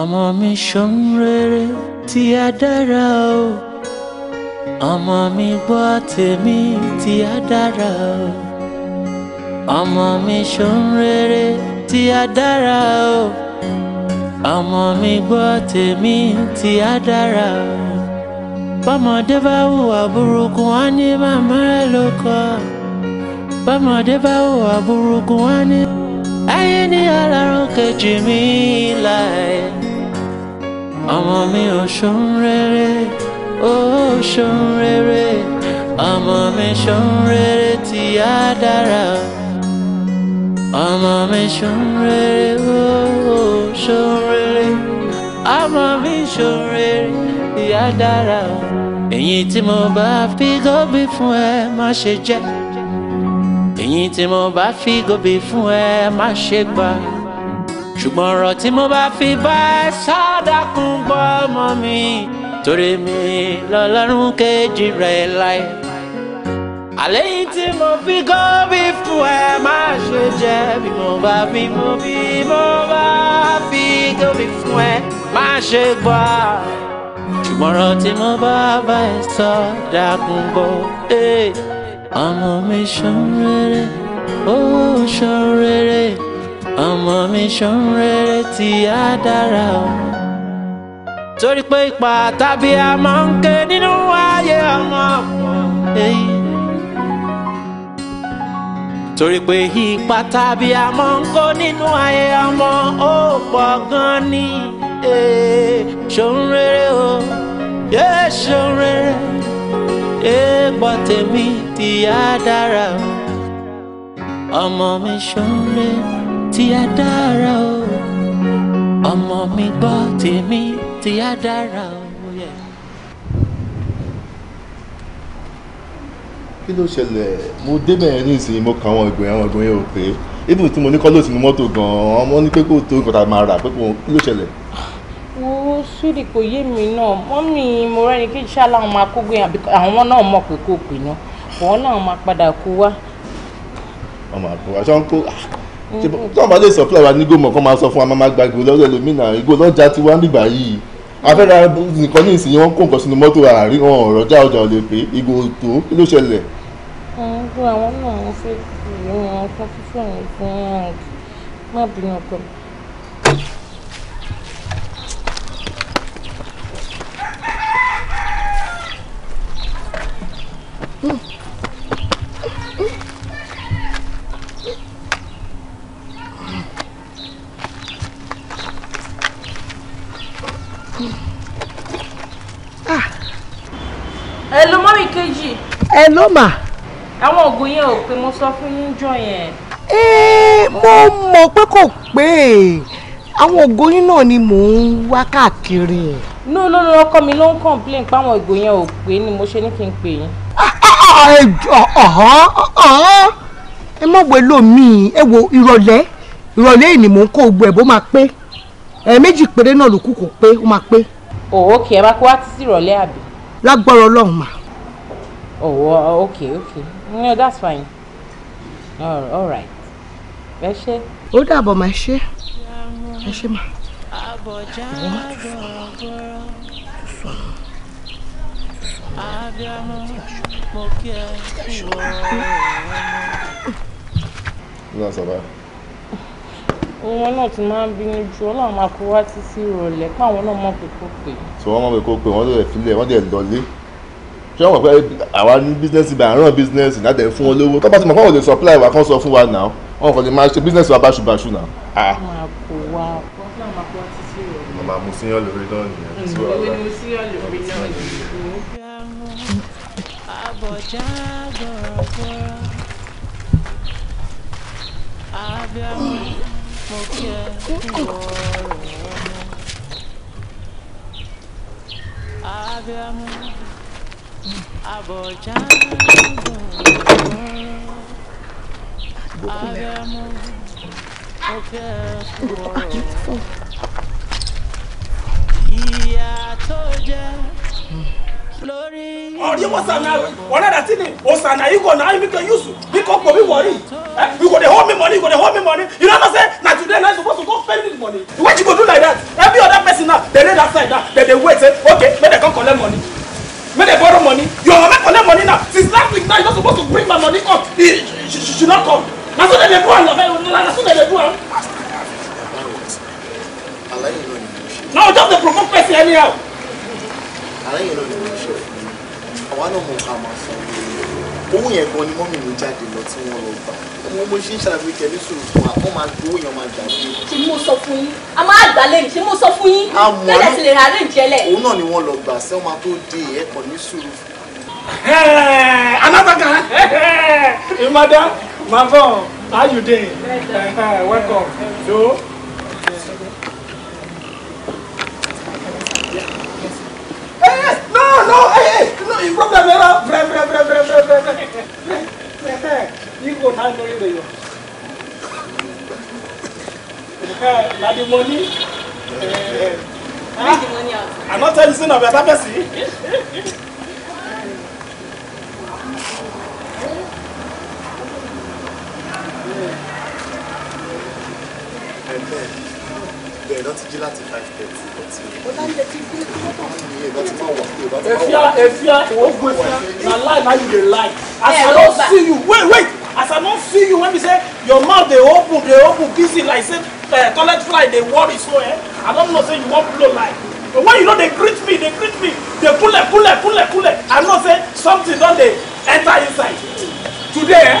ọmọ mi ṣohun rere tí a o ọmọ mi gbọ́ tèmi tí a dára o ọmọ mi ṣohun rere tí o ọmọ mi gbọ́ tèmi tí a dára o bọ́mọdé bá hùwà burúkú wọn ní màmá ẹ ló kọ́ bọ́mọdé bá hùwà burúkú wọn ọmọ mi ò ṣoun rere ó ṣoun rere ọmọ mi ṣoun rere tí á dára ọmọ mi ṣoun rere ó ṣoun rere ọmọ mi ṣoun rere tí á dára èyí tí mo bá fi gòbí fún ẹ má ṣe jẹ èyí tí mo bá fi gòbí fún ẹ ṣùgbọ́n ọ̀rọ̀ tí mo bá fi bá ẹ sọ́dọ̀kùn gbọ́ ọmọ mi torí mi lọ́lọ́run kejì rẹ̀ láì. àléyìn tí mo fi gómìn fún ẹ má ṣe jẹ́ bí mo bá fi mú bí mo bá fi gómìn fún ẹ má ṣe gbà. ṣùgbọ́n ọ̀rọ̀ tí mo bá bá ẹ sọ́dọ̀kùn gbọ́ ọmọ mi ṣan rere ó ṣan rere ọmọ mi ṣan rere tí á dára o. torí pé ipa tàbí àmọ́ ń ké nínú ayé ọmọ ọ̀pọ̀. torí pé ipa tàbí àmọ́ ń kó nínú ayé ọmọ ó pọ̀ gan ni ṣan rere o ṣan rere ẹ̀gbọ́n tèmi tí á dára o ọmọ mi ṣan rere tí a dára o ọmọ mi gbọ́ tèmi tí a dára o. kí ló ṣẹlẹ̀ mo débẹ̀ ní ìsìn mo kàn àwọn ìgbìyànjú àwọn ìgbìyànjú yẹn ò pé ibi tí mo ní kọ́ lóòtù ní mọ́tò gan-an wọ́n ní pé kó tó nǹkan tá a máa rà pé kí ló ṣẹlẹ̀. wo sódì kò yé mi náà mọ́mì mo rẹ́ni kí ṣá láwọn máa kó gbìyànjú àwọn náà mọ̀ pé kó pè náà wọ́n láwọn máa padà kó wá. ọmọ àbúrò àti wọn kó tí wọn bá lè supply wa ní gómọ kó máa sọ fún wa máa gbàgbé lọ́dọ̀ lómìnà ìgò lọ́jà tí wọ́n nígbà yìí afẹ́ra nìkan ní ìsìn wọn kó nǹkan sínú mọ́tò àárí wọn ọ̀rọ̀ já ọjà ò lè pé ìgò tó kí ló ṣẹlẹ̀. gbogbo àwọn náà ń ṣe ìlú wọn fún fífún ìlú fún ọ̀hún má bínú ọkọ. Mm. mọ́mì kejì. ẹ ló mà. àwọn oògùn yẹn ò pé mo sọ fún yín yẹn. ee mo mọ̀ pé kò pé àwọn oògùn yín náà ni mò ń wá káàkiri. no no no ọkọ mi ló ń complain pé àwọn oògùn yẹn ò pé ni mo ṣe ní kí n pè yín. Ah, ah, ah, ẹ mọ̀ wo ẹlòmíì ẹ wo ìrọ̀lẹ́ ìrọ̀lẹ́ ni mò ń kó gbogbo ẹ̀ bó máa pé ẹ̀ẹ̀mejì péré náà ló kù kó pé ó máa pé. òwò kì í ẹ bá kó wá títí ìrọ̀lẹ́ àbí. lágbọ́rọ̀ ọlọ́run mà. Oh, okay, okay. No, that's fine. All, all right. Ẹ ṣé. Ó dàbọ̀ mà ṣe. Ẹ ṣé mà. Àbọ̀já gbọ̀rọ̀gbọ̀rọ̀. Abiyamọ, mo kí ẹ kú ọ̀rọ̀ ọmọ. Òun náà ti máa ń bínú ju ọlọ́run máa kó wá títí ìrọ̀lẹ́ pé àwọn náà mọ̀ pé kó pè. Sọ wọ́n mọ̀ pé kó pè wọ́n lè filẹ̀ wọ́n dẹ̀ lọlé ṣé wọ́n pẹ́ àwa ní bísínẹ́sì bá àrùn bísínẹ́sì náà tẹ̀ fún wọn lówó tọ́pọ̀ tí mo kọ́ supply wa kan sọ fún wa náà wọ́n kọ́ lè máa ṣe bísínẹ́sì wa báṣubàṣu náà. màmá mo sí yàn lórí náà nìyẹn. Abiamu, mo kí ẹ kú ọ̀rọ̀ ọ̀rọ̀. Abiamu. Àbọ̀já abẹ́mú òkè fún ọ. Ìyá tó jẹ́ lórí. Ọ̀rí wọ́n sànà ọ̀rẹ́ rẹ̀ sí ni ọ̀sànà yìí kò náà yìí kò yùsù bí kò kò bí wọ̀rí. You go dey hold me money, you go dey hold me money. You know what I'm saying? Na today na you suppose to go spend this money. What you go do like that? Every other person now, they dey that now, they dey wait okay, make dem come collect money when they borrow money your mama collect money now since last week now you no suppose to bring my money up she she, she, she no come na so dem dey do am na so dem dey do am. now just dey provoke person anyhow. àlàyé ló ní ìṣòro I want to ká máa sọ ọ́ owó yẹn gan ni mọ́mì ló jáde lọ tí wọ́n lọ gbà mo mo ṣe ń ṣàlàyé kẹ́ ní fún wa wọ́n máa gbowó yẹn máa gbà gbé. tí mo sọ fún yín a máa gbà lè ṣe mo sọ fún yín lẹ́lẹ̀ sì lè rà jẹ́lẹ̀. òun náà ni wọ́n lọ gbà sẹ́ máa tó dé ẹ̀kọ́ ní sùúrù. alábàgà ìmọ̀dá màbọ̀ how you dey welcome. So, mi problem yɛrɛ brɛ brɛ brɛ brɛ brɛ brɛ brɛ brɛ brɛ you go time no yɛrɛ yɔ na the money. Bring the money out. I'm not telling you na better person. Thank you lọ ti jí láti five thirty ọtí. ó dá ilé tí gbé lọ́pọ̀. iye ìgbà tí máa wà ní na lie na you dey lie as i don see you wait wait as i don see you when be say your mouth dey open dey open busy like say uh, toilet fly dey worry so eh i don know say you wan blow lie but when you no dey greet me dey greet me dey kule kule kule kule i know say something don dey enter inside today eh.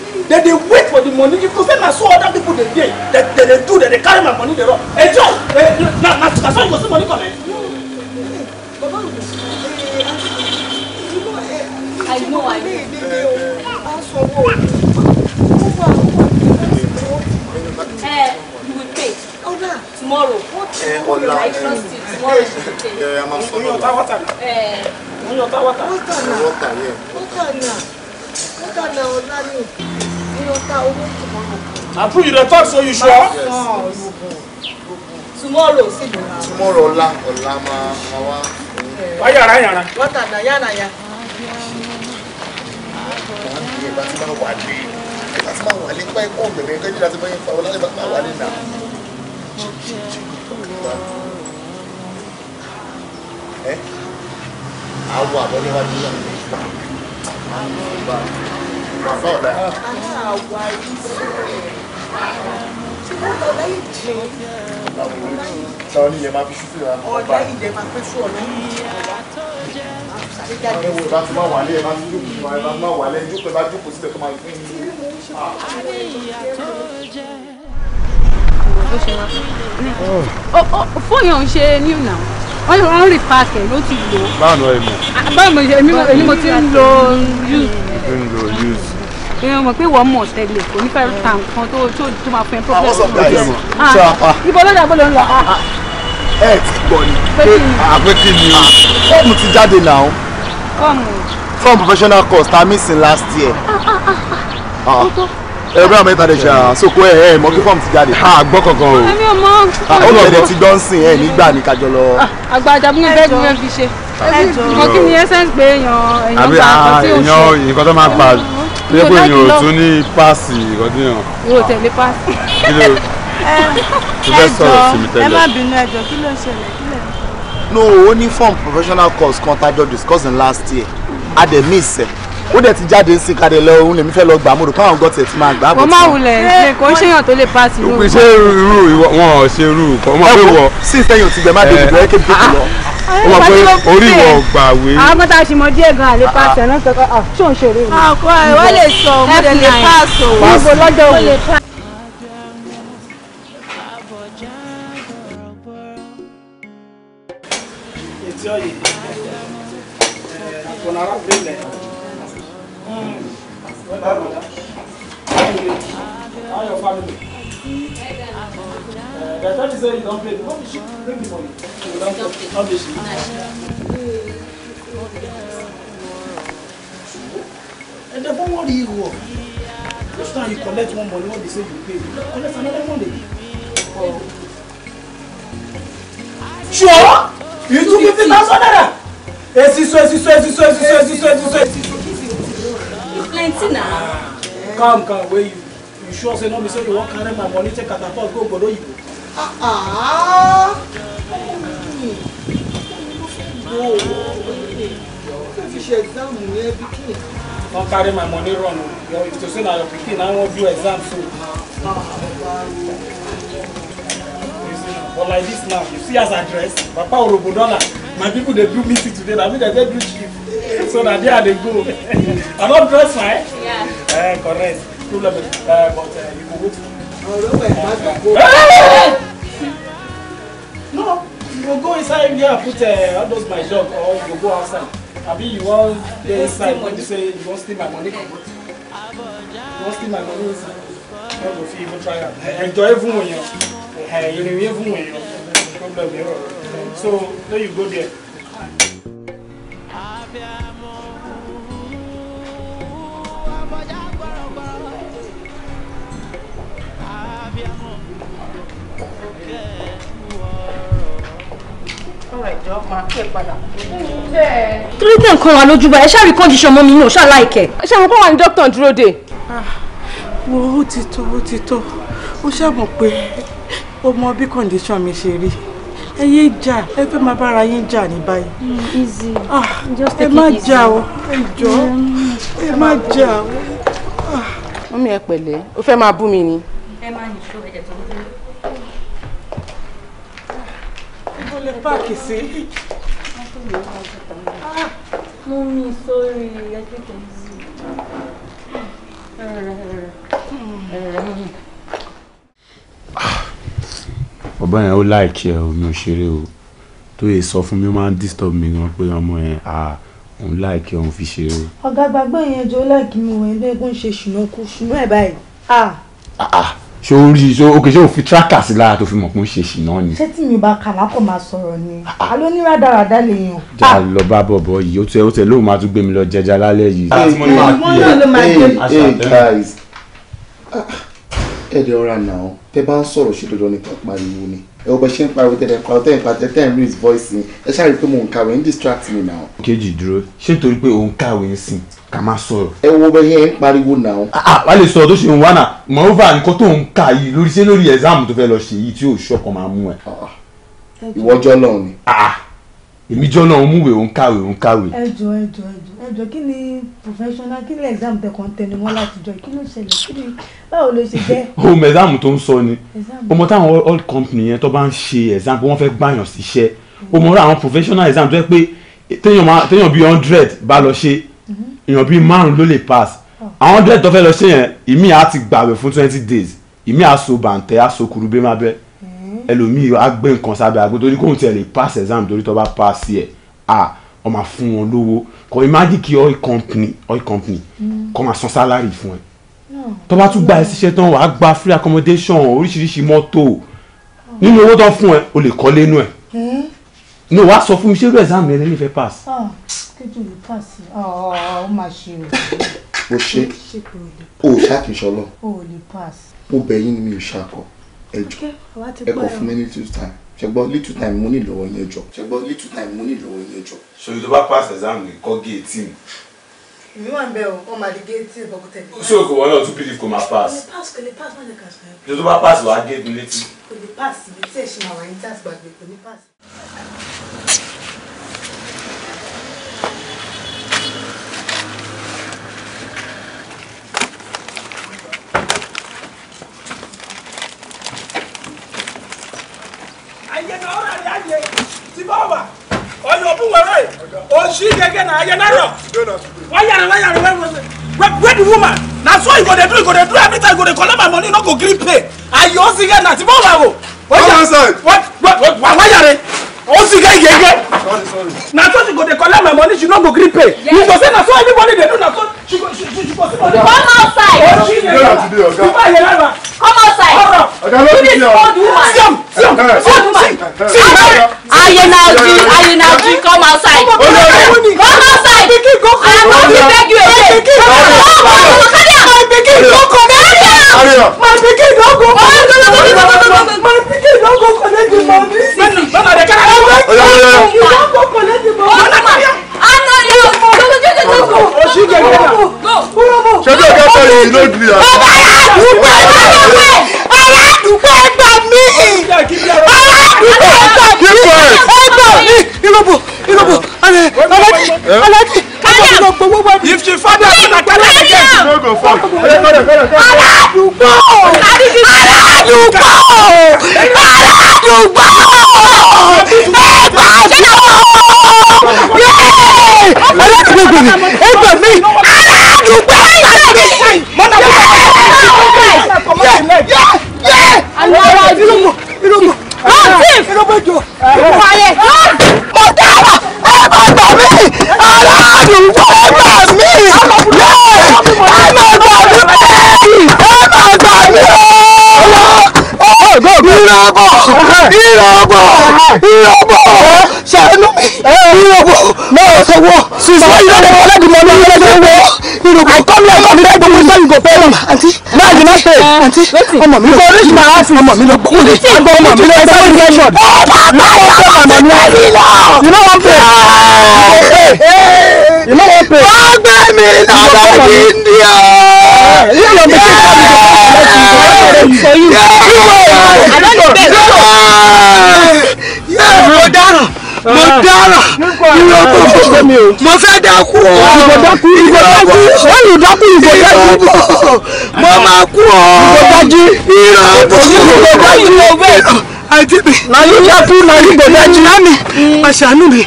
They dey wait for the money if you say na so other people dey dey dem dey do dem dey carry my money dey run ejo na na na so you go see money come eh. I know, I know. Eh, you will pay. Oh Tomorrow. Tomorrow, I trust you. Tomorrow you will pay. Yeah, I'm asking. Eh. Water, water. Water, water. Water, now. Water, now, Olani. Approve you dey talk so you sure? Yes. Tomorrow see you now. Tomorrow ọ̀la ọ̀la ma ma wa. Wá yàrá yàrá. Wọ́tà náà yàrá yà. Eh? Wọ́n ti yẹ bá ti máa wà lé. Bá ti máa wà lé pẹ́ kó bẹ̀rẹ̀ kẹ́jú láti bá yẹn fa ọ̀la lè bá máa wà lé nà. Ẹ àwọn àbọ̀lé wa ti wà lé fọ́ọ̀dà. sọ ní ìyẹn máa fi ṣúfì rà ọba ẹ wo ìbá tó máa wálé ẹ bá tó jókòó ìwà ẹ bá máa wálé ẹ jókòó ẹ bá máa fún yín. fóònù ọ̀hún ṣe new now wọ́n lè wọ́n rí paaki ló ti lò. báwo ni wọ́n lè báwo ni èmi mo ti ń lo use èèyàn one pé wọ́n mọ̀ tẹ́lẹ̀ kò ní fẹ́ ta nǹkan tó tó tó máa fẹ́ ah, problem. àwọn sọ̀rọ̀ ayé mọ̀ ṣọ́ apá. ibo lọ́dà bó ló ń lọ. Ah, ah. ẹ ti gbọ́ ni pé àpé kí ni fọ́ọ̀mù ti jáde náà. fọ́ọ̀mù. fọ́ọ̀mù professional course ta missing last year. ẹ bẹ́ẹ̀ mẹ́ta lè ṣe àsokò ẹ̀ ẹ̀ mọ́ kí fọ́ọ̀mù ti jáde. a gbọ́ kankan o. èmi ò mọ̀. ó lọ bẹ ti gbọ́n sìn ẹ̀ nígbà ní kájọ lọ. àgbàjà mú bẹ́ẹ̀ ni wọ́n fi ṣe. ẹ jọ mọ kí ni ẹsẹ̀ ń pé èèyàn èèyàn bá àkọsí òṣù. àbí èèyàn nǹkan tó máa pa ṣé pé mi ò tún ní páàsì ìkọ́dún yàn. mi ò tẹ̀lé páàsì. kí ló ti fẹ́ sọ̀rọ̀ sí mi tẹ́lẹ̀. ẹ má bínú ẹ kí ló ṣẹlẹ̀ kí lẹ̀ no ó ní form professional course kan tájọ discuss in last year a dẹ̀ miss ẹ̀ ó dẹ̀ ti jáde sí kadẹ lọ òun lèmi fẹ́ lọ gbà mọ́dọ̀ káwọn gọ́tì ẹ̀ ti máa gbà bọ̀ tí. wọ́n máa wulẹ̀ ṣe kò ń ṣèyàn tó lè pass irú. ṣé ṣe irú kan ò ti gbẹ má eh. ó mọ̀ pé orí ìwọ̀ gbàwé. àwọn ọmọ tá a ṣì mọ díẹ̀ gan àlè pàṣẹ náà sọ pé ah, ṣé òun ṣe òré mi. àkọ ah, ẹ wọ́n lè sọ ọmọdé lè pàṣẹ. níbo lọ́jọ́ òun calm calm wey you you sure say no be say you wan carry my money take catapult go gbolo yibo. don carry my money run o to say na your pikin na wan do exam soon. but like this now you see us i papa orobo my people they do meeting today I mean, dey dey do chief so na there they go i don dress fine yeah. uh, correct problem uh, but uh, you go wait for me. no you go go inside there put uh, all those my job. or you go go outside abi you want dey inside when you say you wan steal my money you wan steal my money inside no go even try that. enjoy everyone. when you eniwe even when problem dey so no you go there. torí tẹ̀ ń kan wa lójú bá ẹ ṣáà rí kọ́ndíṣọ̀n mọ́ mi ní òṣà láìkẹ́. ṣé mo kọ́ wa ní dókítà dúró dè. Ah, wo ó ti tó ó ti tó ó ṣàmù pé ó mọ bí kọ́ndíṣọ̀n mi ṣe rí ẹ yé jà ẹ fẹ́ máa bára yín jà ní báyìí. Mm, ah, mm. ẹ má jà o ẹ jọ ẹ má jà o. mọ́mí ẹ pẹ̀lẹ́ o fẹ́ máa bú mi ni. ẹ má nìṣó ẹ̀jẹ̀ tó ń dúró. lè páàkì sí. mú mi sórí ẹgbẹ́ kejì. bàbá yẹn ó láìkí ẹ omi ò o tó yẹ sọ fún mi ó máa ń disturb mi gan pé ọmọ yẹn à òun láìkí òun fi ṣeré o. ọ̀gá gbàgbọ́ yẹn jọ láìkí mi wọ̀ ẹ́ bẹ́ẹ̀ kó ń ṣe ṣùnà kú ṣùnà ẹ̀ báyìí ṣé o so ṣé o kì í ṣe o fi tracker sí lára tó fi mọ̀ pé ó ṣe ṣìnà ni. ṣé tí mi bá kàlá kò máa sọ̀rọ̀ ni alo ah, ah. ní rádaràdá lè yàn. dá ah! lọ bá bọ̀bọ̀ yìí ó tẹ ó tẹ lóun máa tún gbé mi lọ jẹjà lálẹ́ yìí. ẹ̀ẹ́dẹ̀ ọ̀rá náà tẹ bá ń sọ̀rọ̀ ṣe dandan nípa pariwo ni ẹ ò bẹ ṣe ń pariwo tẹ̀lé ẹ̀kọ́ tẹ̀ ẹ̀kọ́ tẹ̀ ń rí his voice ni ẹ ṣáà rí i pé mò ń kàwé ń distract me now. kejì dúró ṣé torí pé òun kàwé ń sìn ká máa sọ̀rọ̀. ẹ wo bẹ yẹn ń pariwo náà. a ah, ah, lè sọ̀rọ̀ tó ṣe ń wá náà moreover nǹkan tó ń kà yìí lórí ṣé lórí exam tó fẹ́ lọ ṣe yìí tí ò ṣọ́kọ máa mú ẹ. Ah, ìwọ jọlọ ni. èmi jọlọ ń múwèé òun kàwé òun kàwé. ẹ jọ ẹ jọ ẹ jọ ẹ jọ kí ni professional kí ni exam tẹkàn tẹnumọ́ látijọ́ kí ló ṣẹlẹ̀ kí ni báwo ló ṣe jẹ́. ohun exam tó ń sọ ni ọmọ táwọn all company yẹn tó bá ń ṣe exam wọn fẹ́ gbàyàn síṣẹ́ ọmọ rẹ àwọn professional exam tó yẹ pé téèyàn bíi hundred bá lọ ṣe èèyàn bíi márùn ló lè pass oh. àwọn hundred tó fẹ́ lọ ṣe yẹn ìmí àá ti gbàwẹ̀ fún twenty days ìmí àá so bàǹtẹ́ àá so kurubé má bẹ́ hmm. ẹlòmíì á gbé nǹkan sábẹ́ àgbo torí kóhun tiẹ̀ lè pass exam torí tó bá pass yẹ à wọ́n fún wọn lówó kò imagine kí oil company oil company hmm. kó máa san salary fún ẹ tó bá tún gba ẹ síṣẹ́ tán wàá gba free accommodation oríṣiríṣi mọ́tò oh. nínú owó tó fún ẹ o lè kọ́lé nú ẹ eh? no wàá sọ fún mi ṣé irú exam rẹ lẹ́yìn fẹ́ pass. Ah, kéjù ló pass ah, ah, ó máa ṣe o. mo ṣe o ò ṣàkíṣọ lọ. o ò lè pass. mo bẹ̀ yín ni mi ò ṣàkọ ẹjọ ẹkọ fún mi ní two time ṣẹgbọn little time mo ní lọ́wọ́ yẹn jọ ṣẹgbọn little time mo ní lọ́wọ́ yẹn jọ. ṣòyí tó bá pass exam rẹ kọ́ géètì mi. èmi wà ń bẹ o wọn máa di géètì ìbọkútẹ. ó ṣe òkè wọn náà tún pdf kò máa pass. kò lè pass kò lè pass má lè kà sọ ẹ. ṣé tó bá pass wàá géètì létí. kò lè pass ibi tí èsì máa wà ní tí àtìgbàgbé kò ní pass. shit again na ayé náírà wáyàrá wáyàrá the woman na so you go dey do you go dey do every time you go dey collect my money you no go gree pay ayé ó sì yẹn na ti bọ́ọ̀lù àwò wáyàrá o si get yeye na so she go dey collect my money she no go gree pay you go say na so everybody dey do na so she go she she go see money. come outside. o oh, she dey yaraba you ba yaraba. come outside. you dey old woman. siam siam eh, eh, eh. old woman. ayenaji ayenaji come outside. come outside. i no fit beg you again. come outside. carry am. Come am. My picking don't go. My no, no, go no, the money. no. My picking don't go collect the money. Mama, they can't go. Oh, yeah, yeah, yeah. You don't go collect the money. Mama, I know you. Go, go, go, go, go. Oh, she can go. Go. Go. She don't get for you. No, dear. Mama, I do pay. I do pay for me. I do pay for me. Keep quiet. Keep quiet. Ilobo, Ilobo, Alaki, Alaki. Mariam! If she find out that I like again, she no go you you you go. go. go. fall. Aládùúgbò! Aládùúgbò! Aládùúgbò! Ẹgbà mi! Aládùúgbò mi! Ẹgbà mi! Aládùúgbò! Aládùúgbò! Latif! Mo tẹ́wọ̀! Ẹ bọ̀ gbà mí! Aládùúgbò! ìràbọ̀ ìràbọ̀ ìràbọ̀ ṣàánú mi ìràbọ̀ náà sọwọ́ sísọ ìràbọ̀ ọlọ́dìmọ̀ ní ọlọ́dìmọ̀ ìràbọ̀ àìkọ́mi àìkọ́mi dájú pé sọ́yìn kò pẹ́ lọ́mọ come náà jù náà pé àǹtí ọmọ mi lọ rí ma áfì ọmọ mi lọ gbọ́dọ̀ agbọ́ ọmọ mi lọ ẹgbẹ́ mi lọ ṣọ́ọ̀dù ọmọ mi lọ you know one pay you know one pay ọgbẹ́ mi náà bá mi ní ọ. yóò lọ bí kí n bá mi lọ sí ìgbà yóò lọ sí ìgbà yóò lọ sí ìgbà yóò lọ sí ìgbà bẹ́ẹ̀ bẹ́ẹ̀ mo dáràn mo dáràn irọ́ tó fò mo fẹ́ dákú o ìbò dákú ìbò dákú lẹ́yìn dákú ìbò dákú mo máa kú o ìbò dájú irọ́ tó fò ìbò dájú àti mi láyé dákú láyé ìbò dájú lámì àṣàánú mi.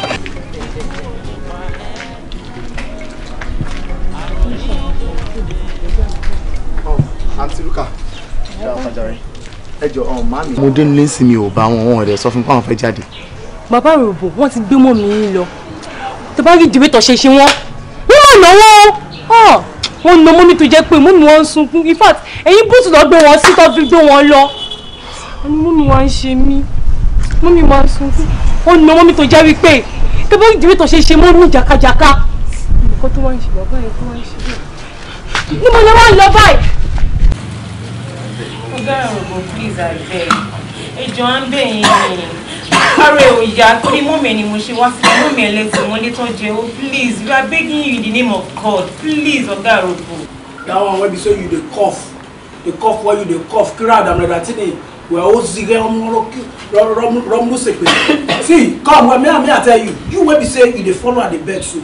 Oh, Auntie Luka, yeah, ẹjọ ọ̀hún má mi. mo dénú lẹ́sì mi ò bá wọn wọn ọ̀rẹ́ sọ fún mi pé àwọn fẹ́ jáde. bàbá rògbò wọn ti gbé mọ mi yín lọ tó bá rí ìdìbò ìtọ̀ṣe ṣe wọn wọn mọ̀ náwó wọn ah, nà mọ́mí tó jẹ́ pé mọ́mí wọn ń sunkún in fact ẹ̀yin bùtù lọ gbé wọn sí tó fi gbé wọn lọ mọ́mí wọn ṣe mí mọ́mí wọn sunkún wọn nà mọ́mí tó jẹ́ wípé tó bá rí ìdìbò ìtọ̀ṣe ṣe mọ́mí jàkàjàkà nǹkan tó wá ń ṣe bàbá yẹn tó wá ń ṣe bẹ́ẹ̀ Igárògbò please abeg ẹjọ à ń bẹ̀ yín ara ẹ̀ ò yá torí mọ́mì ni mo ṣe wá sí mọ́mì ẹlẹ́sìn mọ́lé tó jẹ ó oh, please we are begging you in the name of God please Ogarogbo. that one wey be say you the cough the cough where you the cough kira adamada tini wẹ o zige rọmú sèpè see come well, may i may i tell you you wey be say you the follow i the bed so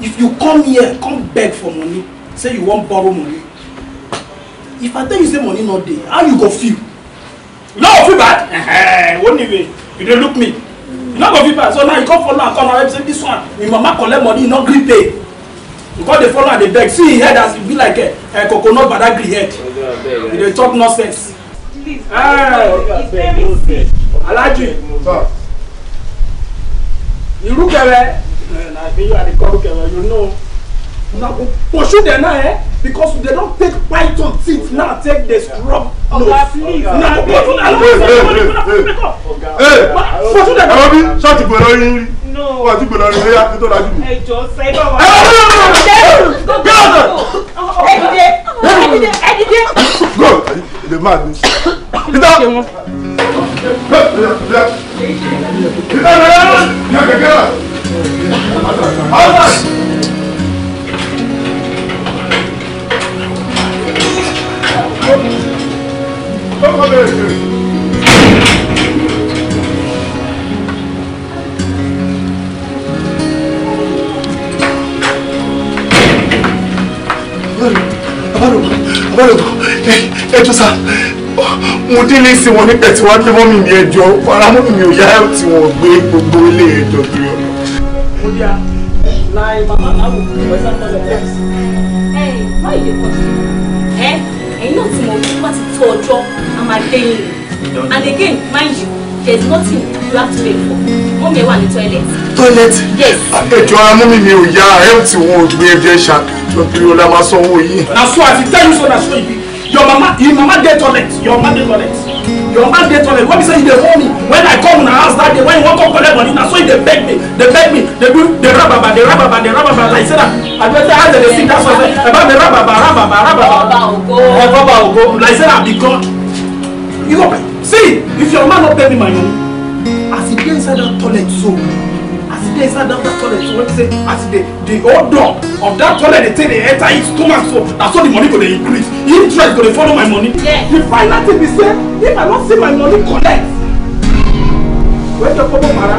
if you come here come beg for money say you wan borrow money if i tell you say money no dey how you go feel you no go feel bad one way you dey look me you no go feel bad so now you come follow am come and say this one im mama collect money e no gree pay you come dey follow am dey beg see im e head as e be like a eh, eh, coconut bada gree head e dey talk nonsense. please ah, it's very sick. alhaji irukere eh, na i be you i dey call rukere you know. Now pursue them now, eh? Because they don't take python teeth now, take the scrub nose. Oga, please. Now, pursue them. Hey, pursue them. Arobi, shut the door, Lori. No. Wọ́n ti gbọ́dọ̀ rìn léyà tó dájú mi. Ẹjọ́ sẹ́yìn wà. Ẹ wọ́n mi lọ. Bí ọ̀sẹ̀. Ẹ dìde. Ẹ dìde. Ẹ dìde. Go. Èdè máa ní. Títà. Títà. Títà. Títà. ẹjọ́ sá mo délé sí wọn nípa tí wọ́n gbé mọ́ mi ní ẹjọ́ faramọ́ mi ò yá tí wọ́n gbé gbogbo ilé ẹjọ́ bí ọ̀nà. mo yá láì bàbá àwòkù ìwẹ́sà tọ́lẹ̀ tẹ́lẹ̀ sí. ẹ má ìdè pọ̀ sí ẹ ẹ̀yin náà ti mọ̀ wípé wọ́n ti tó ọjọ́ paying you. And again, mind you, there's nothing you have to pay for. Mọ́mí ẹ wà ní toilet. Toilet? Yes. Ẹ̀jọ̀ ara mọ́mí mi ò yá health wọn ò gbé ẹ̀jẹ̀ ṣàkóso bí ọlá máa sanwó yìí. Na so I tell you so na so e be. Your mama, your mama dey toilet. Your mama dey toilet. Your mama dey toilet. What be say you dey hold me, when I come in the house that day, when you wan come collect money, na so you dey beg me, They beg me, They do dey rababa, dey rababa, dey rababa like say na. I don tell how dem dey sing that song say, "Eba dey rababa, rababa, rababa." Ọba ògo. Ọba eh, ògo. Like said, na be God. You know, see, if your man not me my money, as he dey inside that toilet so, as he dey inside that, toilet so, when he say, as the the old dog of that toilet they take they enter his stomach so, that's how the money go dey increase. Interest go dey follow my money. Yeah. The final thing be say, if I don see my money collect, where your papa Mara?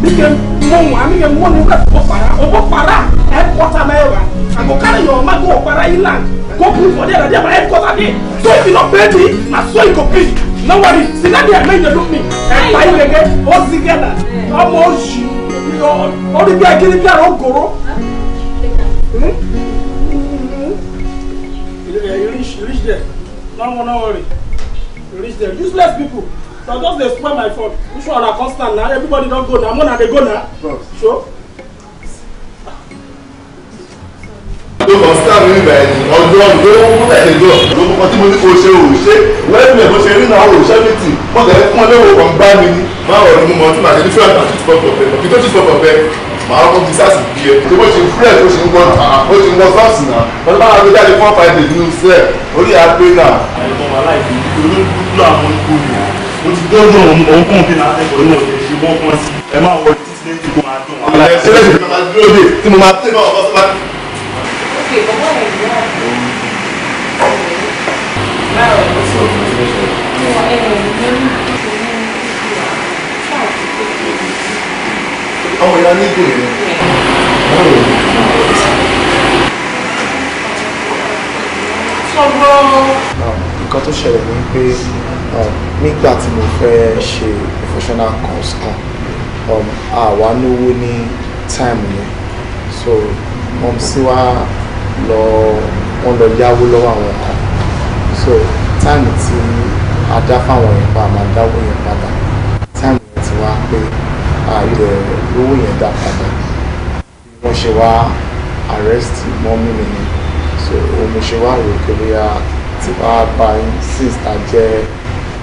Make him moon, I mean, money, you got to para, over para, headquarter, I go carry your man go para, you land work me for there and there my headquarters again. so if you no pay me na so you go be no worry sit down there make you look me buy you ẹ̀ka ìgbẹ́gẹ́ ó sì gẹ́dà ọmọ oṣù orí bí akíní bí àrùn girl, you reach you reach there no no no worry you reach there useless people na just dey spoil my fun which one na constant now. everybody don't go na more na go now. Sure. ìgbà ẹni ọjọ́ ìgbẹ́ owó tẹ̀lé jọ lórúkọ tí mo ní kò ṣe òṣè wẹ́ẹ̀mẹ̀ bó ṣe rí náà òṣèlítì wọ́n tẹ̀lé fún ọlẹ́wọ̀ kan bá mi ní máa wọ̀ ní mo tí màá ṣe ní fíwọ́n àti tìkọ̀tọ̀fẹ́ kí tó tìkọ̀tọ̀fẹ́ màá kọ́ ti sáàsì bí ẹ tó bó ṣe fúlẹ̀ tó ṣe ń wọ́n ó ṣe ń wọ́n sọ́ọ̀sì náà wọ́n bá wọn jáde fún ọ̀fà Okay, but what are you doing? Well, so, yeah, anyway, Oh, yeah, I need you. tó ṣẹlẹ̀ ni pé nígbà tí mo fẹ́ ṣe professional course kan, àwa náwó ní time yẹn. So, mọ̀ sí wa lọ wọ́n lọ yáwó lọ́wọ́ àwọn kan so táìmù tí a dá fáwọn yẹn pa àmà dáwó yẹn padà táìmù yẹn ti wá pé ààrẹ lówó yẹn dá padà bí wọ́n ṣe wá arrest mọ́mí nìyẹn so òun ṣe wá rò pé bóyá tí wàá bá yín since ta jẹ́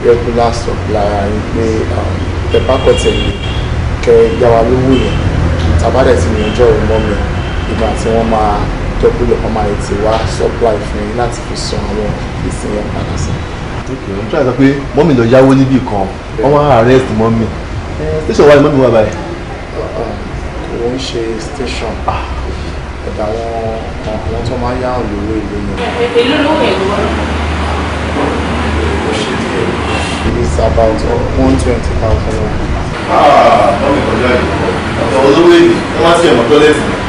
regular supplier um, yín pé tẹ̀bákọ̀tẹ̀ yìí kẹ yá wa lówó yẹn tàbádẹ̀ ti yànjọ́ ìmọ̀ mi ìgbà tí wọ́n máa jẹ́ pé lọ́kàn máa ti wá supply fún yín láti fi san àwọn ìsìn yẹn padà sí. okay i'm trying to sọ pé mọ́mì lọ yáwó níbì kan wọ́n wá arrest mọ́mì eh, station wa ni mọ́mì wà báyìí. kò ń ṣe station ah. ẹ̀dá àwọn àwọn tó máa ń yá òlòwò ìlú yẹn. èlò lówó èlò wọn. It's about one twenty thousand. Ah, don't mọ́mì kọjá yìí. Ọ̀sán olówó èlò, wọ́n wá sí ẹ̀mọ́ tọ́lẹ́sì.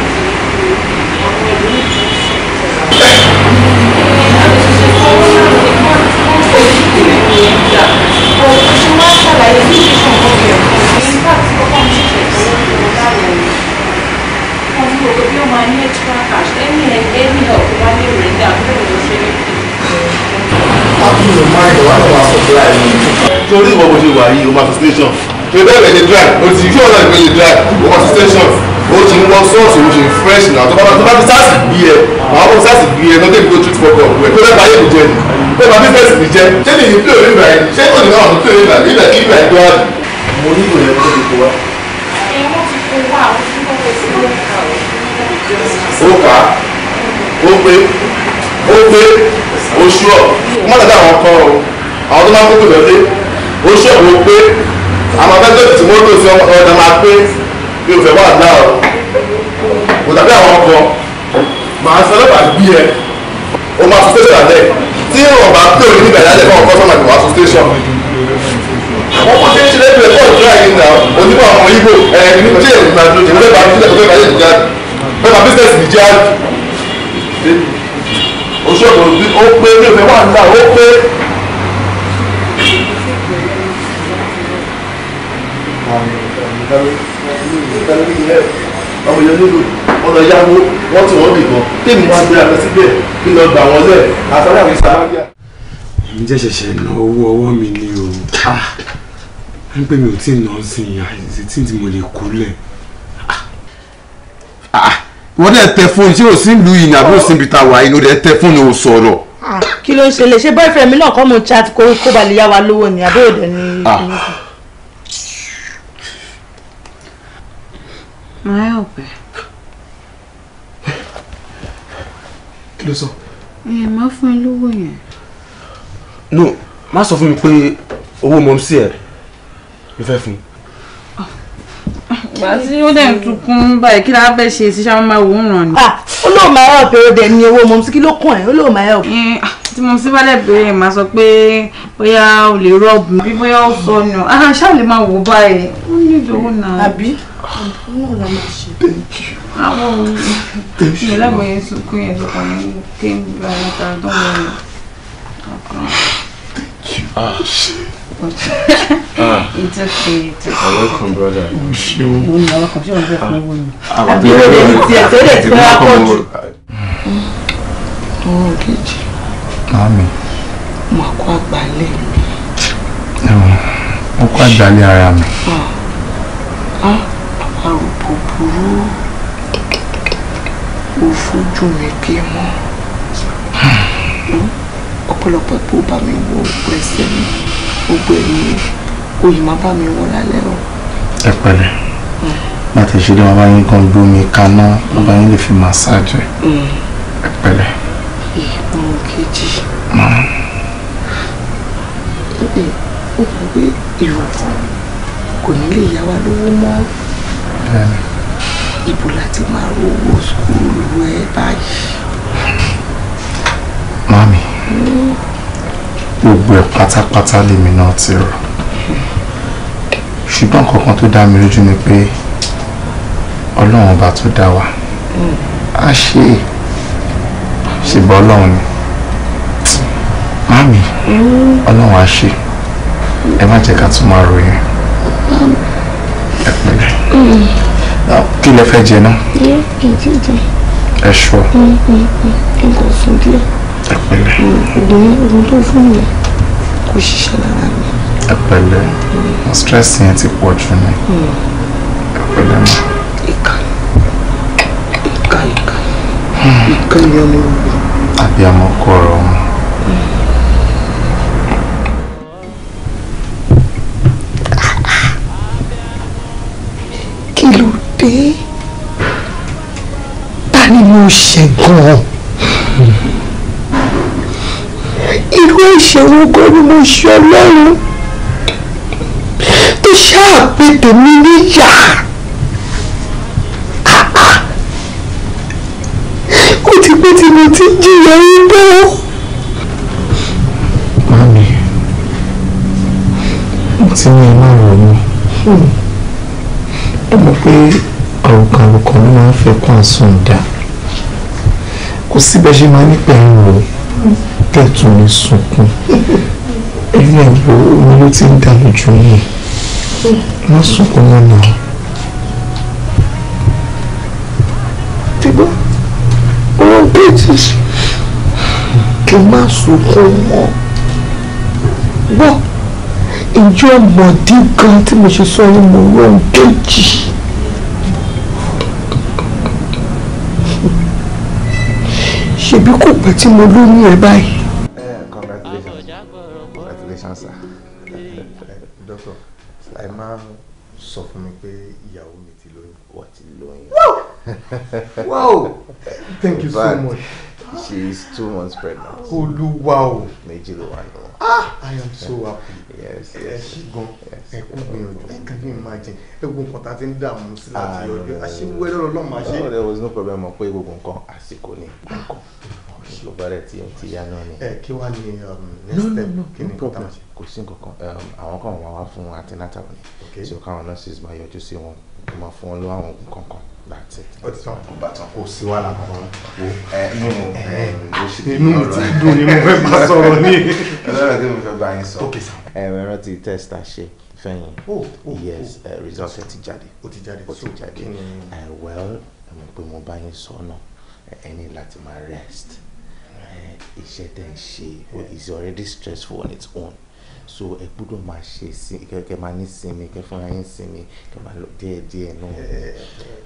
torí ìwọ bó ṣe wà yìí o máa fi station tó bẹ́ẹ̀ bẹ́ẹ̀ ṣe drive o ti yí ọ̀nà ìpele drive o máa fi station ó ti ń wọ sọ́ọ̀sì ó ṣe fresh náà tó bá tó bá fi sáàsì bí ẹ àwọn ọmọ sáàsì bí ẹ lọ́dẹ̀ tó tún fọkọ̀ ọ̀gbẹ́ tó lẹ́ba ayé mi jẹ ni tó lẹ́ba bísẹ̀sì mi jẹ ṣé ní ìpínlẹ̀ oníbà yẹn ṣé kò ní náà ní pínlẹ̀ oníbà níbẹ̀ kí ibà ẹ̀dọ́ àdì. mo nílò yẹn kó ti kó wa. ó kà á ó pé ó pé ó ṣúọ̀ má dàda àwọn kan o àwọn tó máa ń kó pè lọ́dẹ ó ṣúọ̀ ó pé àwọn abẹ́tẹ̀ tí mo lò sí ọ̀dà máa pé mi ò fẹ́ wà náà o kò tàbí àwọn ọkọ màá sọ lọ́pàá gbí ẹ o máa sọ station àlẹ́ tí ìwọ̀n bá pé òní nígbà yálẹ̀ fún ọkọ sọ́mà ìwà sọ station. àwọn ọmọ tí ń ṣe lẹ́gbẹ̀ẹ́ pọ̀ jù láàyè náà onímọ̀ àwọn ibo ẹ̀ ní kò tí ì máa dúró tèmi lẹ́bàá bí lẹ́bàá bá yẹ kí jáde bẹ́ẹ̀ máa business mi jáde. oṣù ọ̀gbọ̀n bí ó pé mi ò fẹ́ wà náà ó pé Thank you ìta lórí ṣẹ̀ṣẹ̀ ná owó ọwọ́ mi ni o ń pè mí ò tí ì ná sí i àìsí tí mo lè kú wọ́n dẹ̀ tẹ fóònù tí ò sí ìlú yìí ní àbúrò síbi tá a wà inú dẹ̀ tẹ fóònù ò sọ̀rọ̀. kí ló ń ṣẹlẹ̀ ṣé boyfriend mi náà kọ́ mo chat kó balẹ̀ yá wa lówó ni àbẹ́òdò ni. Má ẹ Kí ló sọ? Ẹ má fún ẹ lówó yẹn. No, má sọ fún mi pé owó mọ̀mísí ẹ̀ ló fẹ́ fún. Gbà tí ó dẹ̀ ń tukun báyìí kí láá fẹ́ ṣe sí ṣáà máa wò ó ràn ni. Ó ah, lóò máa ẹ̀ ọ̀pẹ ó dẹ̀ ní owó mọ̀mísí kí ló kàn ẹ́ ó ẹ̀ ọ̀pẹ tí mo sì bá máa sọ pé bóyá o lè rọ́ọ̀bù mi bóyá o sọ nù ara ṣáà lè máa wò báyìí ó ní ìdòwò náà. àbí náà la máa ṣe. àwọn ìyẹlẹ́gbọ̀n yẹn sunkún yẹn tó kàn ní kéńbì alátara tó ń wọlé ọkàn. It's okay. It's okay. welcome, brother. Oh, Màámi. Mo kó àgbálẹ̀ mi. Mo kó àgbálẹ̀ ara mi. Àrùn búburú ò fojú mi bí mọ́. Ọ̀pọ̀lọpọ̀ tó bá mi wọ ògbó ẹsẹ̀ mi, ògbó ẹ̀yìn mi, oyè má bá mi wọ lálẹ́ o. Ẹ pẹ̀lẹ́ láti ṣeré wọn bá yín gan gbómi kaná wọn bá yín lè fi màsáàjì mm. ẹ pẹ̀lẹ́. Eh, kejì ibi ó mọ̀ pé ìrù kò ní lè yá wa lówó mọ́ ibo láti máa rówó sùkúrù ẹ báyìí. mami hmm. gbogbo ẹ pátápátá lèmi náà ti rò ṣùgbọ́n kankan tó dá mi lójú ni pé ọlọ́run ọba tó dá wa á hmm. ṣe é ṣùgbọ́n ọlọ́run ni mami ọlọ́run á ṣe ẹ má jẹ́ ká tún máa ròyìn ẹ pẹ̀lẹ́ kí lẹ fẹ́ jẹ náà. ẹ ṣọ. ẹ mm, mm, mm, kò sùn díẹ̀. ẹ pẹ̀lẹ́. ìdùnnú ogun tó fún mi kò ṣiṣẹ́ lára mi. ẹ pẹ̀lẹ́ stress yẹn ti pọ̀ jù ni ẹ pẹ̀lẹ́ náà. ìka ìka ìka hmm. ìka ìyá mi. àbí àmọ́ kọ̀ ọ̀rọ̀ wọn. ẹ̀ṣẹ̀ gan-an irú ẹ̀ṣẹ̀ wo gan ni mo ṣe ọlọ́run tó ṣáàpè tèmi níyà ó ti pé tí mo ti jìyà yín bọ́. mami tí mi máa rọ̀ mí hmm. ẹ mọ̀ pé àròkàròkàn máa ń fẹ́ kó àsùn dá kò sí bẹ́ẹ̀ ṣe máa nípa ẹ̀rọ tẹ̀tún ní sunkún ẹ̀rí ẹ̀rọ omi ló ti ń dà lójú mi má sunkún náà nà ó. dìbò wọn bèjì kí n má sunkún mọ́ gbọ́ ìjọ mọ̀dí gan tí mo ṣe sọ yìí mo rọ̀ ń kò pẹ́ tí mo lóyún ẹ báyìí. Eh, congratulations sir doctor ẹ máa sọ fún mi pé ìyàwó mi ti lóyún wọ́n ti lóyún. wow thank you so much. She is two months pregnant. Olúwa o. Méjì ló wà lọ. Ah! I am so happy. Yes, yes. Ẹ gan. Ẹ gbìyànjú. Ẹ kàn ní imagine. Ẹ gbogbo tá a ti ń dààmú sí láti ọjọ́. Àṣewẹ́rẹ́ ọlọ́mọ àṣẹ. Oh, there was no problem mọ̀ pé gbogbo nǹkan àsìkò ni gbogbo rẹ ti ti ya náà ni. ẹ kí wàá ní um, next step kí ni kọ́tà ṣe. kò sí nǹkan kan um, àwọn kan wà wá fún antenatal ni so káwọn nurses máa yọjú sí wọn kó máa fún wọn lọ àwọn oògùn kankan láti. ó ti tán kó bàtàn kó sí wàhálà kankan wo inú inú mi ti dùn ni mo fẹ́ bá sọ̀rọ̀ ní. ọlọ́run tí mo fẹ́ bá yín sọ. ẹ rántí test àṣẹ fẹ́yìn oh, oh, oh. yes oh. Uh, result ẹ ti jáde ó ti jáde ó ti jáde well ẹ mọ̀ pé mo bá yín sọ náà ẹ ní láti máa rest iṣẹ́ tẹ̀ ń ṣe is already stressful on its own so ẹ gbọ́dọ̀ máa ṣe kẹ máa ní sinmi kẹ fúnra yín sinmi kẹ máa lọ díẹ̀ díẹ̀ náà.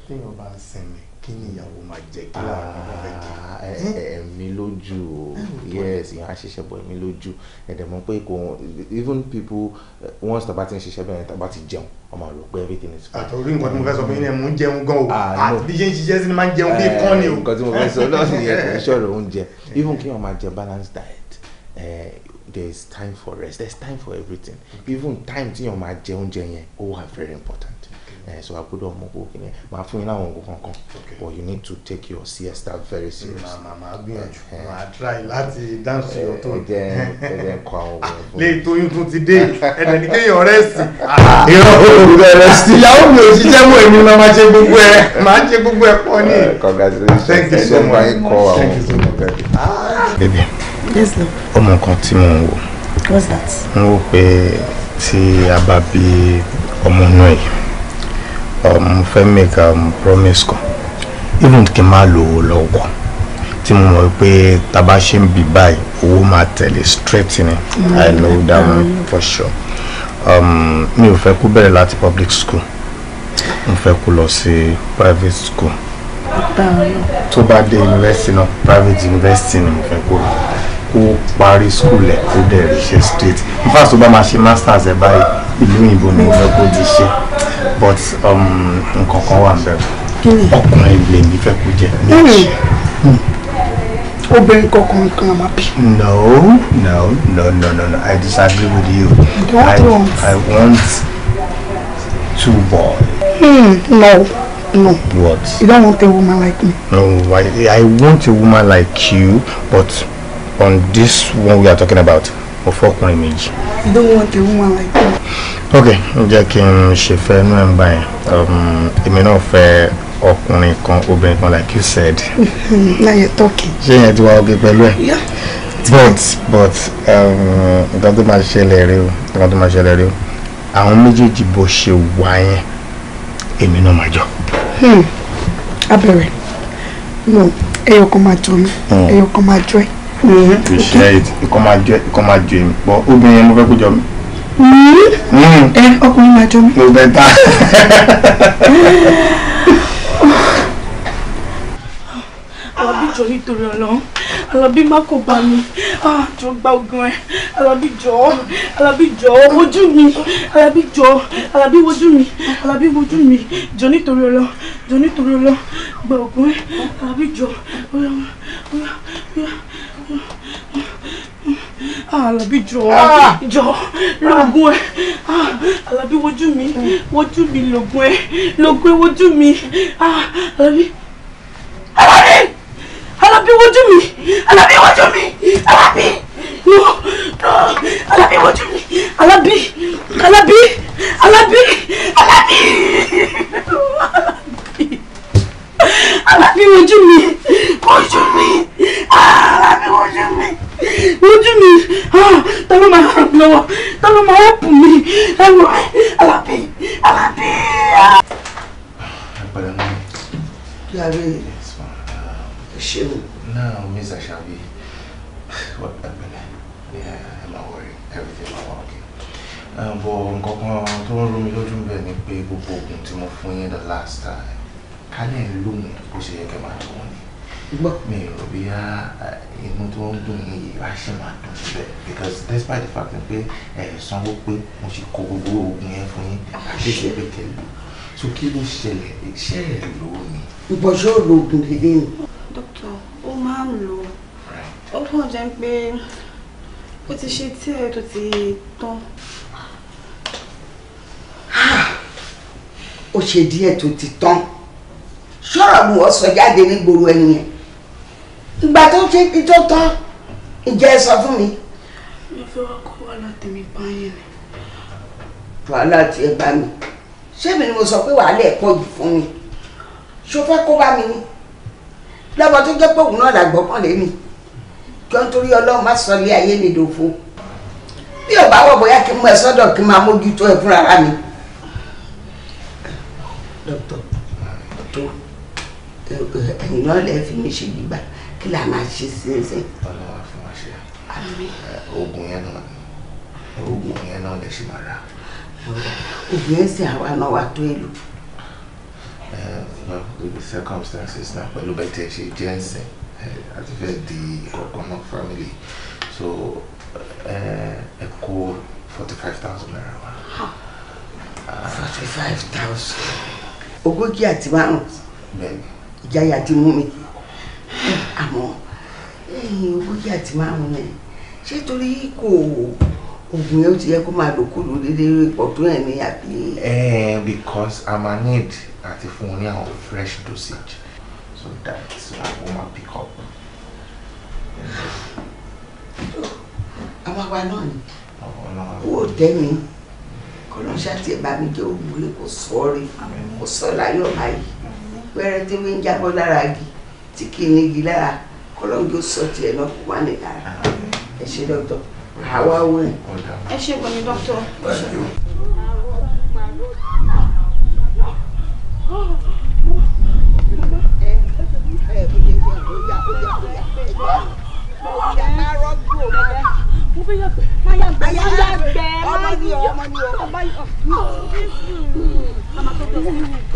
téèyàn bá ń sinmi kí ni ìyàwó máa jẹ kí làwọn ọmọ fẹ́ jẹ. Ah, ẹ̀mí lójú o yes ìyá ṣiṣẹ́ bọ̀ ẹ̀mí lójú ẹ̀dẹ̀ mọ̀ pé kò even people once tàbá ti ń ṣiṣẹ́ bẹ́ẹ̀ tàbá ti jẹun ọmọ àlọ́ pé everything is fine. àtọ̀rí nǹkan tí mo fẹ́ sọ fún yín ni mò ń jẹun gan o ah, àti bí ṣe ń ṣiṣẹ́ sí ni máa ń jẹun bí eh, kán ni o. nǹkan tí mo fẹ́ sọ lọ́sìn yẹn kò ń ṣọ̀rọ̀ oúnjẹ even kí wọ́n máa jẹ balanced diet eh, there is time for rest there is time for everything even time tí yàn máa jẹ oúnjẹ yẹn ó wà very important ẹ eh, so put on mọ owó kìíní màá fún yín láwọn oògùn kankan but you need to take your siesta very serious. màá màá gbìyànjú eh, eh. màá try láti dáǹsì ọ̀tọ̀ ẹ̀jẹ̀ ẹ̀jẹ̀ ń kọ àwọn oògùn fún mi. lè tóyún tún ti dé ẹ̀dẹ̀ ní kéèyàn rẹ́sì. ìrọ̀ olùbẹ̀ rẹ̀ sí. ìyàwó mi ò ṣiṣẹ́ mọ́ èmi máa máa ṣe gbogbo ẹ̀ máa ṣe gbogbo ẹ̀ pọ̀ ní. congratulations thank you so much thank you so much. baby ọmọ nǹkan tí mo ń wò. what's that. n wò pé tí a bá bí ọmọ náà yìí Um, mo fẹ́ make um, promise kan even kí n má lò ó lọ́wọ́ tí mo mọ̀ pé tá ṣe ń bì báyìí owó máa tẹ̀lé straight ni mm. i know that mm. one for sure um, mi ò fẹ́ kó bẹ̀rẹ̀ láti public school mo fẹ́ kó lọ sí private school tó bá dé university náà private university ni mo fẹ́ kó kó parí school ẹ̀ kó dẹ̀ rí ṣe straight in tó bá máa ṣe masters ẹ̀ báyìí ìlú òyìnbó ni mo fẹ́ kó di iṣẹ́ but um, nǹkan kan wà bẹ́ẹ̀ ọkùnrin lè mi fẹ́ kó jẹ méjì. obìnrin kankan kan máa bí. no no no no no no i disagree with you i want. i want two boys. Mm, no no. what. you don't want a woman like me. no i i want a woman like you but on this one we are talking about mo fọkùnrin méjì. you don't want a woman like me. ok jẹ́ kí n ṣe fẹ́ inú ẹ̀ ń bá yẹn um, èmi náà fẹ́ ọkùnrin kan obìnrin kan like you said. now you talking. ṣé yẹn ti wá oge pẹ̀lú ẹ̀. but but um, nǹkan tó máa ṣẹlẹ̀ rí o nǹkan tó máa ṣẹlẹ̀ rí o àwọn méjèèjì bó ṣe wà yẹn èmi náà máa jọ. Hmm. abẹ́rẹ́ no ẹyọ kan máa jọ mi hmm. ẹyọ kan máa jọ ẹ we mm-hmm. share it ikọ́ máa jẹ ikọ́ máa jẹ èmi pọ̀ obìnrin yẹn mo fẹ́ kó jọ mi. ẹ mm-hmm. mm. eh, ọkùnrin máa jọ mi. mo bẹ ta. alábí jọ nítorí Ọlọ́run alábí má kó bá mi ah, jọ gba ogun ẹ alábí jọ alábí jọ ojú mi alábí jọ alábí wojú mi alábí wojú mi jọ nítorí Ọlọ́run jọ nítorí Ọlọ́run gba ogun ẹ alábí jọ Ah, Àlàbí jọ ah! jọ lògùn ẹ ah, Àlàbí wojú mi wojú mi lògùn ẹ lògùn ẹ alabi mi alabi. Àlàbí Àlàbí wojú mi Àlàbí wojú mi Àlàbí no no Àlàbí wojú mi alabi. Àlàbí Àlàbí Àlàbí. alábí ojú mi ojú mi alábí ah, ojú mi ojú mi ah, tọ́lọ́ máa ràn mí lọ́wọ́ tọ́lọ́ máa ọ̀pù mi ẹ̀rọ alábí alábí. Padà ah. náà. Yàrá ẹ̀ ṣeun. Náà Miss Ashabi, wọ́n gbàgbẹ́lẹ̀ ní ẹ̀ máa wọrí everything máa okay bọ̀ nǹkan kan tó ń rú mi lójú bẹ̀ ni pé gbogbo oògùn tí mo fún yín the last time kálẹ̀ ń lóhùn bó ṣe yẹ kẹ́ máa tó wọn ni mi ò rò bí a inú tí wọ́n ń dùn yìí wá ṣe máa dùn síbẹ̀ because despite the fact pé ẹ̀ sanwó pé mo ṣe kó gbogbo oògùn yẹn fún yín ah, àti ìṣẹ́bẹ̀ kẹ́ lò so kí ló ṣẹlẹ̀ iṣẹ́ ẹ̀ ló ni. ìbọ̀ṣọ́ oògùn dídé ni. dókítà ó máa ń lo ó kàn jẹ́ pé ó ti ṣe tí ẹ̀ tó ti tán. Ah! ó ṣe díẹ̀ tó ti tán ṣọ́rọ̀ lu ọ̀sọ̀ jáde nígboro ẹnu yẹn ìgbà tó ṣe ti tó tán ìjẹ́ ẹ sọ fún mi. mo fẹ́ wá kó wàhálà tèmi bá yẹn ni. wàhálà tiẹ̀ bá mi ṣé èmi ni mo sọ pé wàhálà ẹ̀ pọ̀ jù fún mi ṣo fẹ́ kó bá mi ni lọ́mọ tó jẹ́ pé òun náà làgbọ́ kàn lé mi kí wọ́n torí ọlọ́run má sọ ilé ayé mi dòfo bí ò bá wọ̀ bóyá kí n mú ẹ sọ́dọ̀ kí n máa mójútó ẹ fúnra mi. ẹ̀yin ọ̀lẹ́ fi mí ṣe gbígbà kí là máa ṣe sínsìn. ọlọ́wà fún wa ṣe oògùn yẹn náà oògùn yẹn náà lè ṣe máa ra. oògùn yẹn sì àwa náà wà tó èlò. with the circumstances náà pẹ̀lú bẹ́ẹ̀ tí ẹ ṣe jẹ́ ẹ̀sìn àti fẹ́ di ìkọ̀ọ̀kan náà family so ẹ kó forty five thousand naira wa. Ah. forty five thousand. ogójì àti márùn. bẹ́ẹ̀ni ìyá yàjú mú mi àmọ́ ogójì àti márùn yẹn ṣé torí kò oògùn yẹn ó ti yẹ kó máa lòkulù dédé pọ̀ tó yẹn ní àbí. because i'm a need àti fún un ní àwọn fresh dosage so that ó máa pick up. àwọn àwa náà ni owó tẹ́ mi kọ́ńtà tí ẹ bá mi jẹ́ òwúrẹ́ kò sọ́ọ́rí kò sọ́ọ́ láyọ̀ báyìí wẹ́rẹ́ tí wí ń jábọ́ lára igi tí kì í ní igi lára kọ́lọ́njó sọ tiẹ̀ náà kó wà ní lára ẹ ṣe dọ́tọ̀ àwa wọ̀ ẹ̀. ẹ ṣe kò ní dọ́tọ̀. mo fẹ́ yàgbẹ́ máa yàgbẹ́ máa yàgbẹ́ máa yàgbẹ́ ọmọ ni o ọmọ ni o.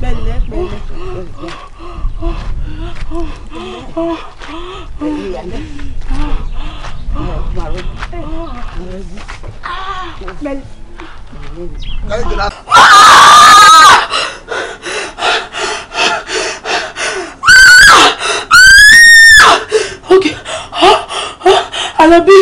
pẹ̀lẹ́ pẹ̀lẹ́. Okay. Alabi.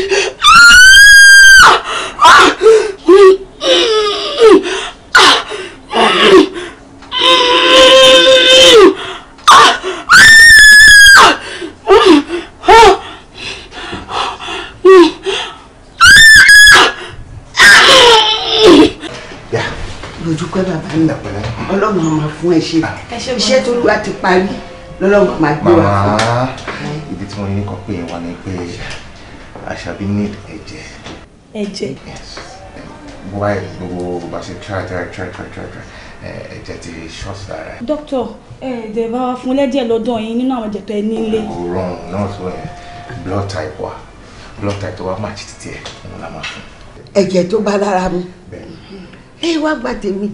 iṣẹ́ tó lùwà ti parí lọ́lọ́mọ máa gbé wa fún un. ìdí tí wọ́n yín kọ́ pé wà ní pé àṣàbí ní ẹ̀jẹ̀. ẹ̀jẹ̀. wá gbogbo bá ṣe try try try try try try ẹ̀jẹ̀ ti ṣọ́ọ̀ṣì lára. dókítà ẹ̀jẹ̀ bá wa fún lẹ́jẹ̀ lọ́dọ̀ yín nínú àwọn ẹ̀jẹ̀ tó ẹ nílé. òòrùn náà tó yẹn blood type wa blood type tó wá máa ṣe títí ẹ̀ òun la máa fún. ẹ̀jẹ̀ tó bá lára mu ẹ wá gba tèmi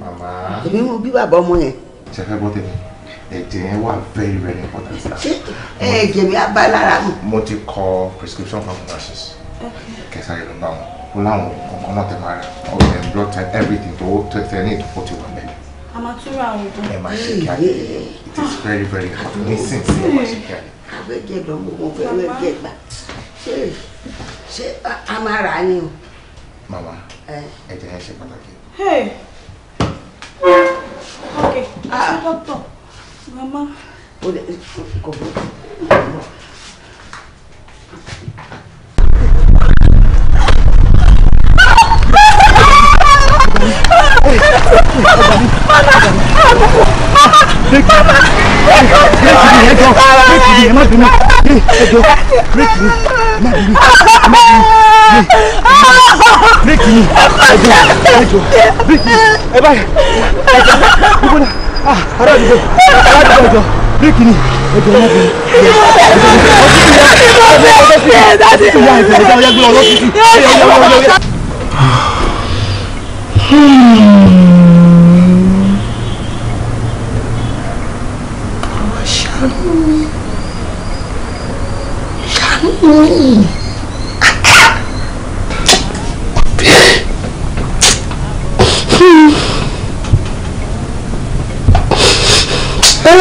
èmi mo bí bàbá ọmọ yẹn ṣe fẹ́ gbọ́ tèmi ẹ̀jẹ̀ yẹn wà very very important sir. ṣé ẹ̀jẹ̀ mi á bá lára mi. mo ti kọ prescription for nurses kẹsàn-án yìí ló bá wọn ó láwọn kankan náà tẹ máa rà ọ̀gbìn blood type everything tó tẹ ní ìdókò ti wà mẹ́rin. a máa tún ra àwọn ọdún. ẹ máa ṣe kí á yẹ it is very very hard nísinsìnyí ẹ máa ṣe kí á yẹ. àbẹ̀jẹ̀ lọ́mọ mo fẹ́ wẹ́ẹ́gẹ̀ gbà ṣé ṣé a máa rà á ni o. màmá ẹ̀jẹ̀ yẹn ṣe pàtàkì ok ṣé dókítà màmá. o lè kò bó. Break me, break me, break me, break me, break me, break me bíríkì ni ẹjọ ẹjọ bíríkì ẹ báyìí ẹjọ gbogbo náà ará àdúgbò ará àdúgbò ẹjọ bíríkì ni ẹjọ ọmọ bìnrin ọtí ìyá ìyàwó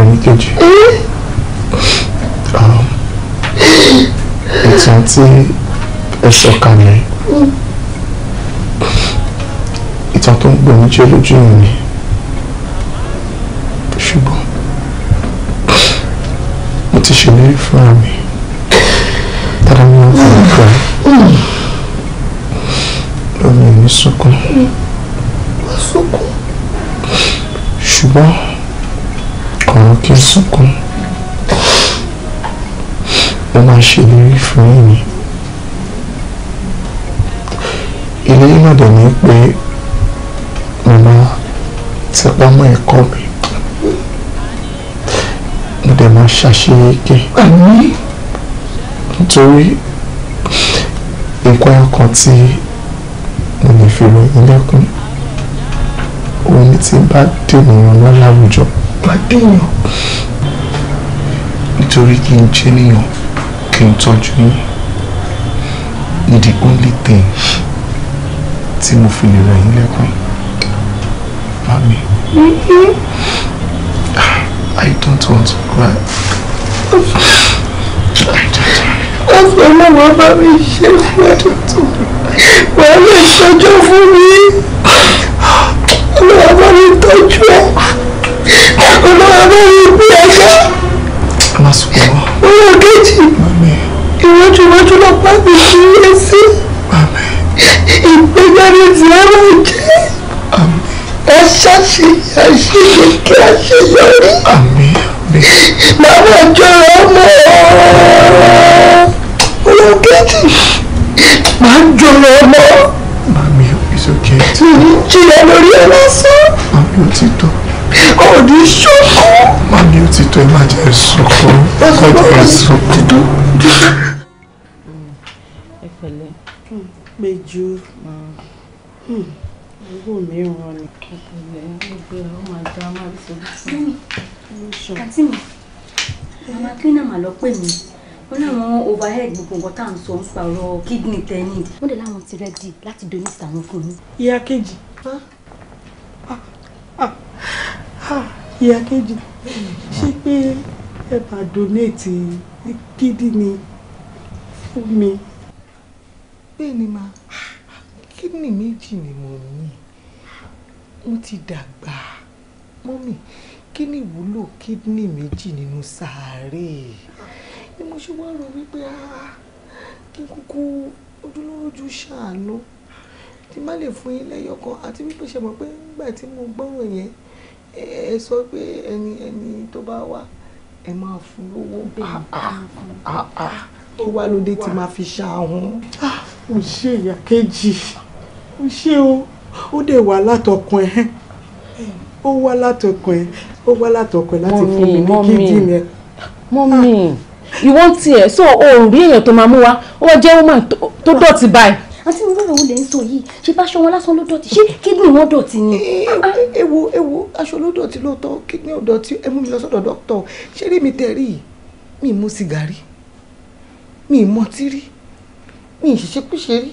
ẹni kejì ìtàn tí ẹ sọ kalẹ̀ ìtàn tó ń gbòmí jẹ́ lójú yìí ni ṣùgbọ́n mo ti ṣèlérí fúnra mi. sunkún má sunkún ṣùgbọ́n kọ̀ọ̀rọ̀ kí n sunkún mo máa ṣèlérí fún yìí ìlérí náà dẹ̀ ní pé mo máa tẹpá mọ́ ẹ̀kọ́ mi mo dẹ̀ máa ṣàṣeyege nítorí nǹkan ẹ̀kan tí fi ròyìn lẹ́kún tí bá dènìyàn lọ láwùjọ bá dènìyàn nítorí kí n jẹ́ níyàn kí n tọ́jú yín ni the only thing tí mo fi lè ròyìn lẹ́kún mami I don't want to cry. sọ lọ́wọ́ bá mi ṣe fún ẹ tuntun lè ṣọjọ́ fún mi ọlọ́wọ́ bá mi tọ́jú ẹ ọlọ́wọ́ bá mi bí ẹjọ́ ọlọ́wọ́ kejì ìwọ́júwọ́jú lọ́pàá mi kí ẹ sí ìgbéga ni ti jẹ́ ẹ ṣáṣì àṣìṣe kí àṣeyọrí màmá ìjọra ọmọ ọ̀ọ́ lọ kẹ́tì máa ń jọ lọ ọmọ. Mami o is okay. Jìyà lórí ẹ lásán. Mami o ti tọ́. Òní ṣọ́kọ. Mami o ti tọ́ ẹ má jẹ́ ìsọkọ. Má jẹ́ ìsọkọ. Ẹ pẹ̀lẹ́, péjú, hmm. owó mi ràn ní kẹ̀kẹ́ ẹgbẹ́ ọ máa dá máa ń sọ. Àǹtí mi, àwọn akínà màá lọ pè mí ready gbogbo nǹkan tá à ń sọ ń pa kidney tẹ́nìd wọ́n dẹ̀ láwọn ti ready láti donate àwọn fún mi. ìyá kejì ìyá kejì ṣé pé ẹ bá donate kidney fún mi. bẹ́ẹ̀ ni màá kidney méjì ni mo ní mo ti dàgbà mọ́mì kí ni ìwúlò kidney méjì nínú sàárè ni mo ṣe wá rò wípé ah, kí n kúkú ojúlówó ju ṣàánú tí má lè fún yín lẹ́yọ̀ kan àti wípé ṣe mọ̀ pé nígbà tí mo gbọ́ràn yẹn ẹ sọ pé ẹni ẹni tó bá wá ẹ máa fún lówó tó ah, ah, wá lóde tí máa fi ṣàhún. ó ṣe ìyá kejì ó ṣe o ó dẹ̀ wá látọkàn ẹ ó wá látọkàn ẹ ó wá látọkàn ẹ láti fún mi ní kíndìnrín ẹ. mọ́mí mọ́mí ìwọ ń tiẹ̀ so òòrùn bí èèyàn tó máa mú wa ó wọ́n jẹ́ woman tó dọ̀tí báyìí. àti irú òun lè ń sọ yìí ṣé bá aṣọ wọn lásán ló dọ̀tí ṣé kídùn wọn dọ̀tí ni. ewo eh, ah. eh, eh, ewo aṣọ ló dọ̀tí lóòótọ́ kídùn ò dọ̀tí ẹ mú mi lọ sọ́dọ̀ dókítà ṣé rí mi tẹ̀rí mi mú sìgárì mi mọtí rí mi ìṣiṣẹ́kúṣe rí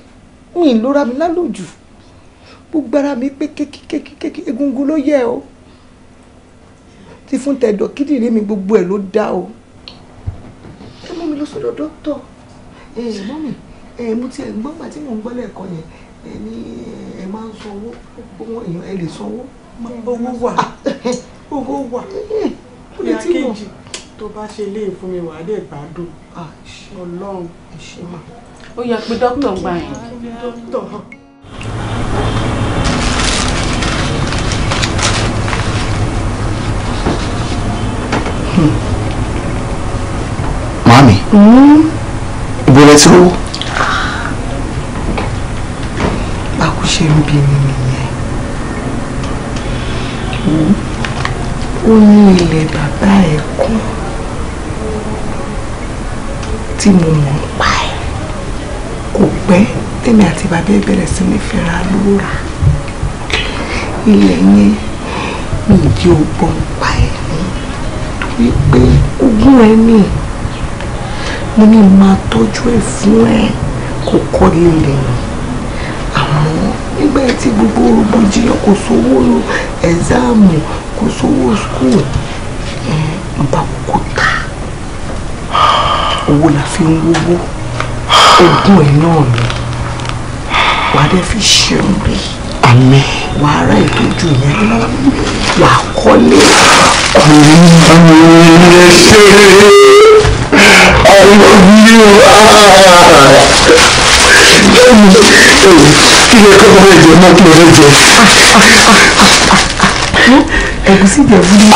mi ìlóra mi lálòjù gbogbo ara mi pé kékèké egungun ló yẹ o ti fún tẹ̀dọ̀ kídìrí mi gbogbo ẹ̀ ló dá o ẹ mú mi lọ sọ́dọ̀ dókítà ẹ mọ́ mi ẹ mo tiẹ̀ gbọ́ gbà tí mò ń gbọ́ lẹ́ẹ̀kan yẹn ẹ ní ẹ máa ń sanwó owó èèyàn ẹ lè sanwó. owó wà ah, owó wà ó lè tí mọ̀. tó bá ṣe lé fún mi wàá dẹ̀ gbádùn ah, ọlọ́run ṣe mà. ó yẹ pé dókítà gbà yẹn. Hmm ibo lẹ ti rówó. báwo ṣe ń bí mi nìyẹn ó ní ilẹ̀ bàbá ẹ̀ kún tí mo mọ̀ ń pa ẹ̀ kò pẹ́ tèmi àti bàbá ẹ̀ bẹ̀rẹ̀ sí ní fẹ́ra lóra ilẹ̀ yẹn mi ò jẹ́ ọgbọ́n pa ẹ̀ ní torí ogún ẹ̀ nìyẹn mo ní máa tọ́jú ẹ̀ fún ẹ kó kọ́lé rẹ̀ nù àmọ́ nígbà tí gbogbo rògbòdìyàn kò sówó ẹ̀záàmù kò sówó skul ẹ̀ ń bá kókó ta owó la fi ń wówó ogún ẹ̀ náà ni wàá dẹ́ fi ṣeun rí àmín wà á ra ìtọ́jú yẹn lọ wà á kọ́lé. ọ̀rẹ́ mi ò ṣe é. I love you. Kí ni ẹ̀kọ́ ọ̀rẹ́ jẹ mọ́ kí ni jẹ? Ẹ̀gúsí jẹ̀ fún mi.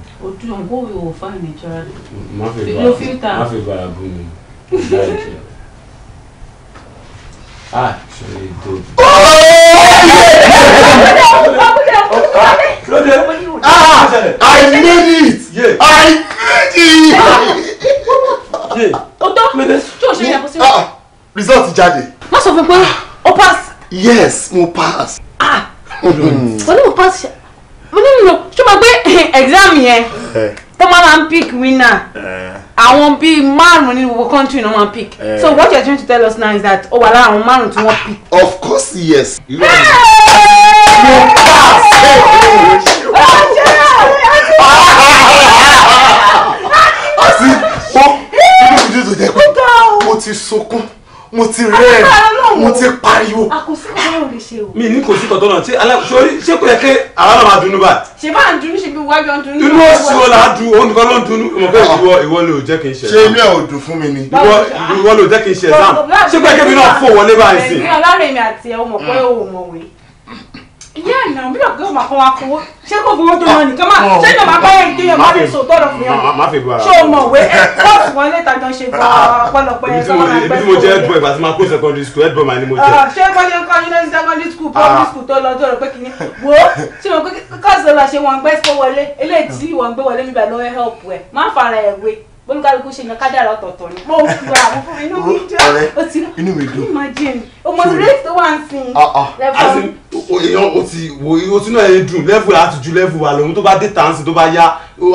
ojú ọ̀gbọ́n òwe wò fáìn nìjọra rẹ̀. má fi bàrà bú mi láì jẹ́ ah ṣe ah, I made it! Yeah. Ah, I made it! Ọ̀dọ́ ah, result jáde. Má sọ fún mi pé o pass. Yes, mo pass. Ah! Hmm. Wọ́n ní mo pass mo ní ìlò ṣé mo gbé exam yẹn tó máa máa pick winner àwọn bíi márùn ní gbogbo country náà máa pick so what you are trying to tell us now is that ó wà lára àwọn márùn tí wọ́n pick. of course yes you are you pass. mo ti sunkún mo ti rẹ mo ti pariwo. àkùsí o. mi ní kò sí tọ̀tọ̀ náà ṣé aláṣọrí ṣé kò yẹ kí àwa náà máa dunú bá. ṣé bá ń dunú ṣe bí wájú ń dunú. inú oṣù wo la dun òun nìkan ló ń dunú mo fẹ́ ìwọ ìwọ ló jẹ́ kí n ṣe. ṣé inú ẹ̀ ò dùn fún mi ni. ìwọ ìwọ ló jẹ́ kí n ṣe exam ṣé pé kébì náà fò wọlé báyìí sí. ẹ̀gbìn ọlọ́run mi àti ẹ̀ ìyá àná mi lọ́ọ́ gbọ́dọ̀ máa kọ́ wa kówó ṣé kò gbowó tó náà nìkan máa ṣé ìjọba bá yẹn kéèyàn má lè sòótọ́ ọ̀rọ̀ fún yàn ṣé o mọ̀ wé ẹ kóòtù wọn léta jọ ṣe gba ọpọlọpọ ẹ tó máa gbẹ tó mo jẹ headboy ìgbà tí mo kó secondary school headboy máa ni mo jẹ. Ah, ṣé kọ́ni kọ́ni lọ sí secondary school primary ah. school tó lọ tó rò pé kìíní wo ṣé mo kọ́ kọ́sọ̀ lọ ṣe wọn gbẹ́ sọ wọlé eléyìí tí wọn gbé wọlé mi bẹ̀ lọ́wọ́ help ẹ̀ má fara We wé oníkálukú ṣe yan kádàrá ọ̀tọ̀ọ̀tọ̀ ni mo fi wà mo fún mi inú mi dùn ó ti inú mi dùn imagine ọmọ rẹ̀ tó wà ń sin ah, ah. lẹ́fọ̀n. èèyàn o ti wo o ti náà yẹn dùn lẹ́fù láti ju lẹ́fù wa lòun tó bá dé tàǹsì tó bá yá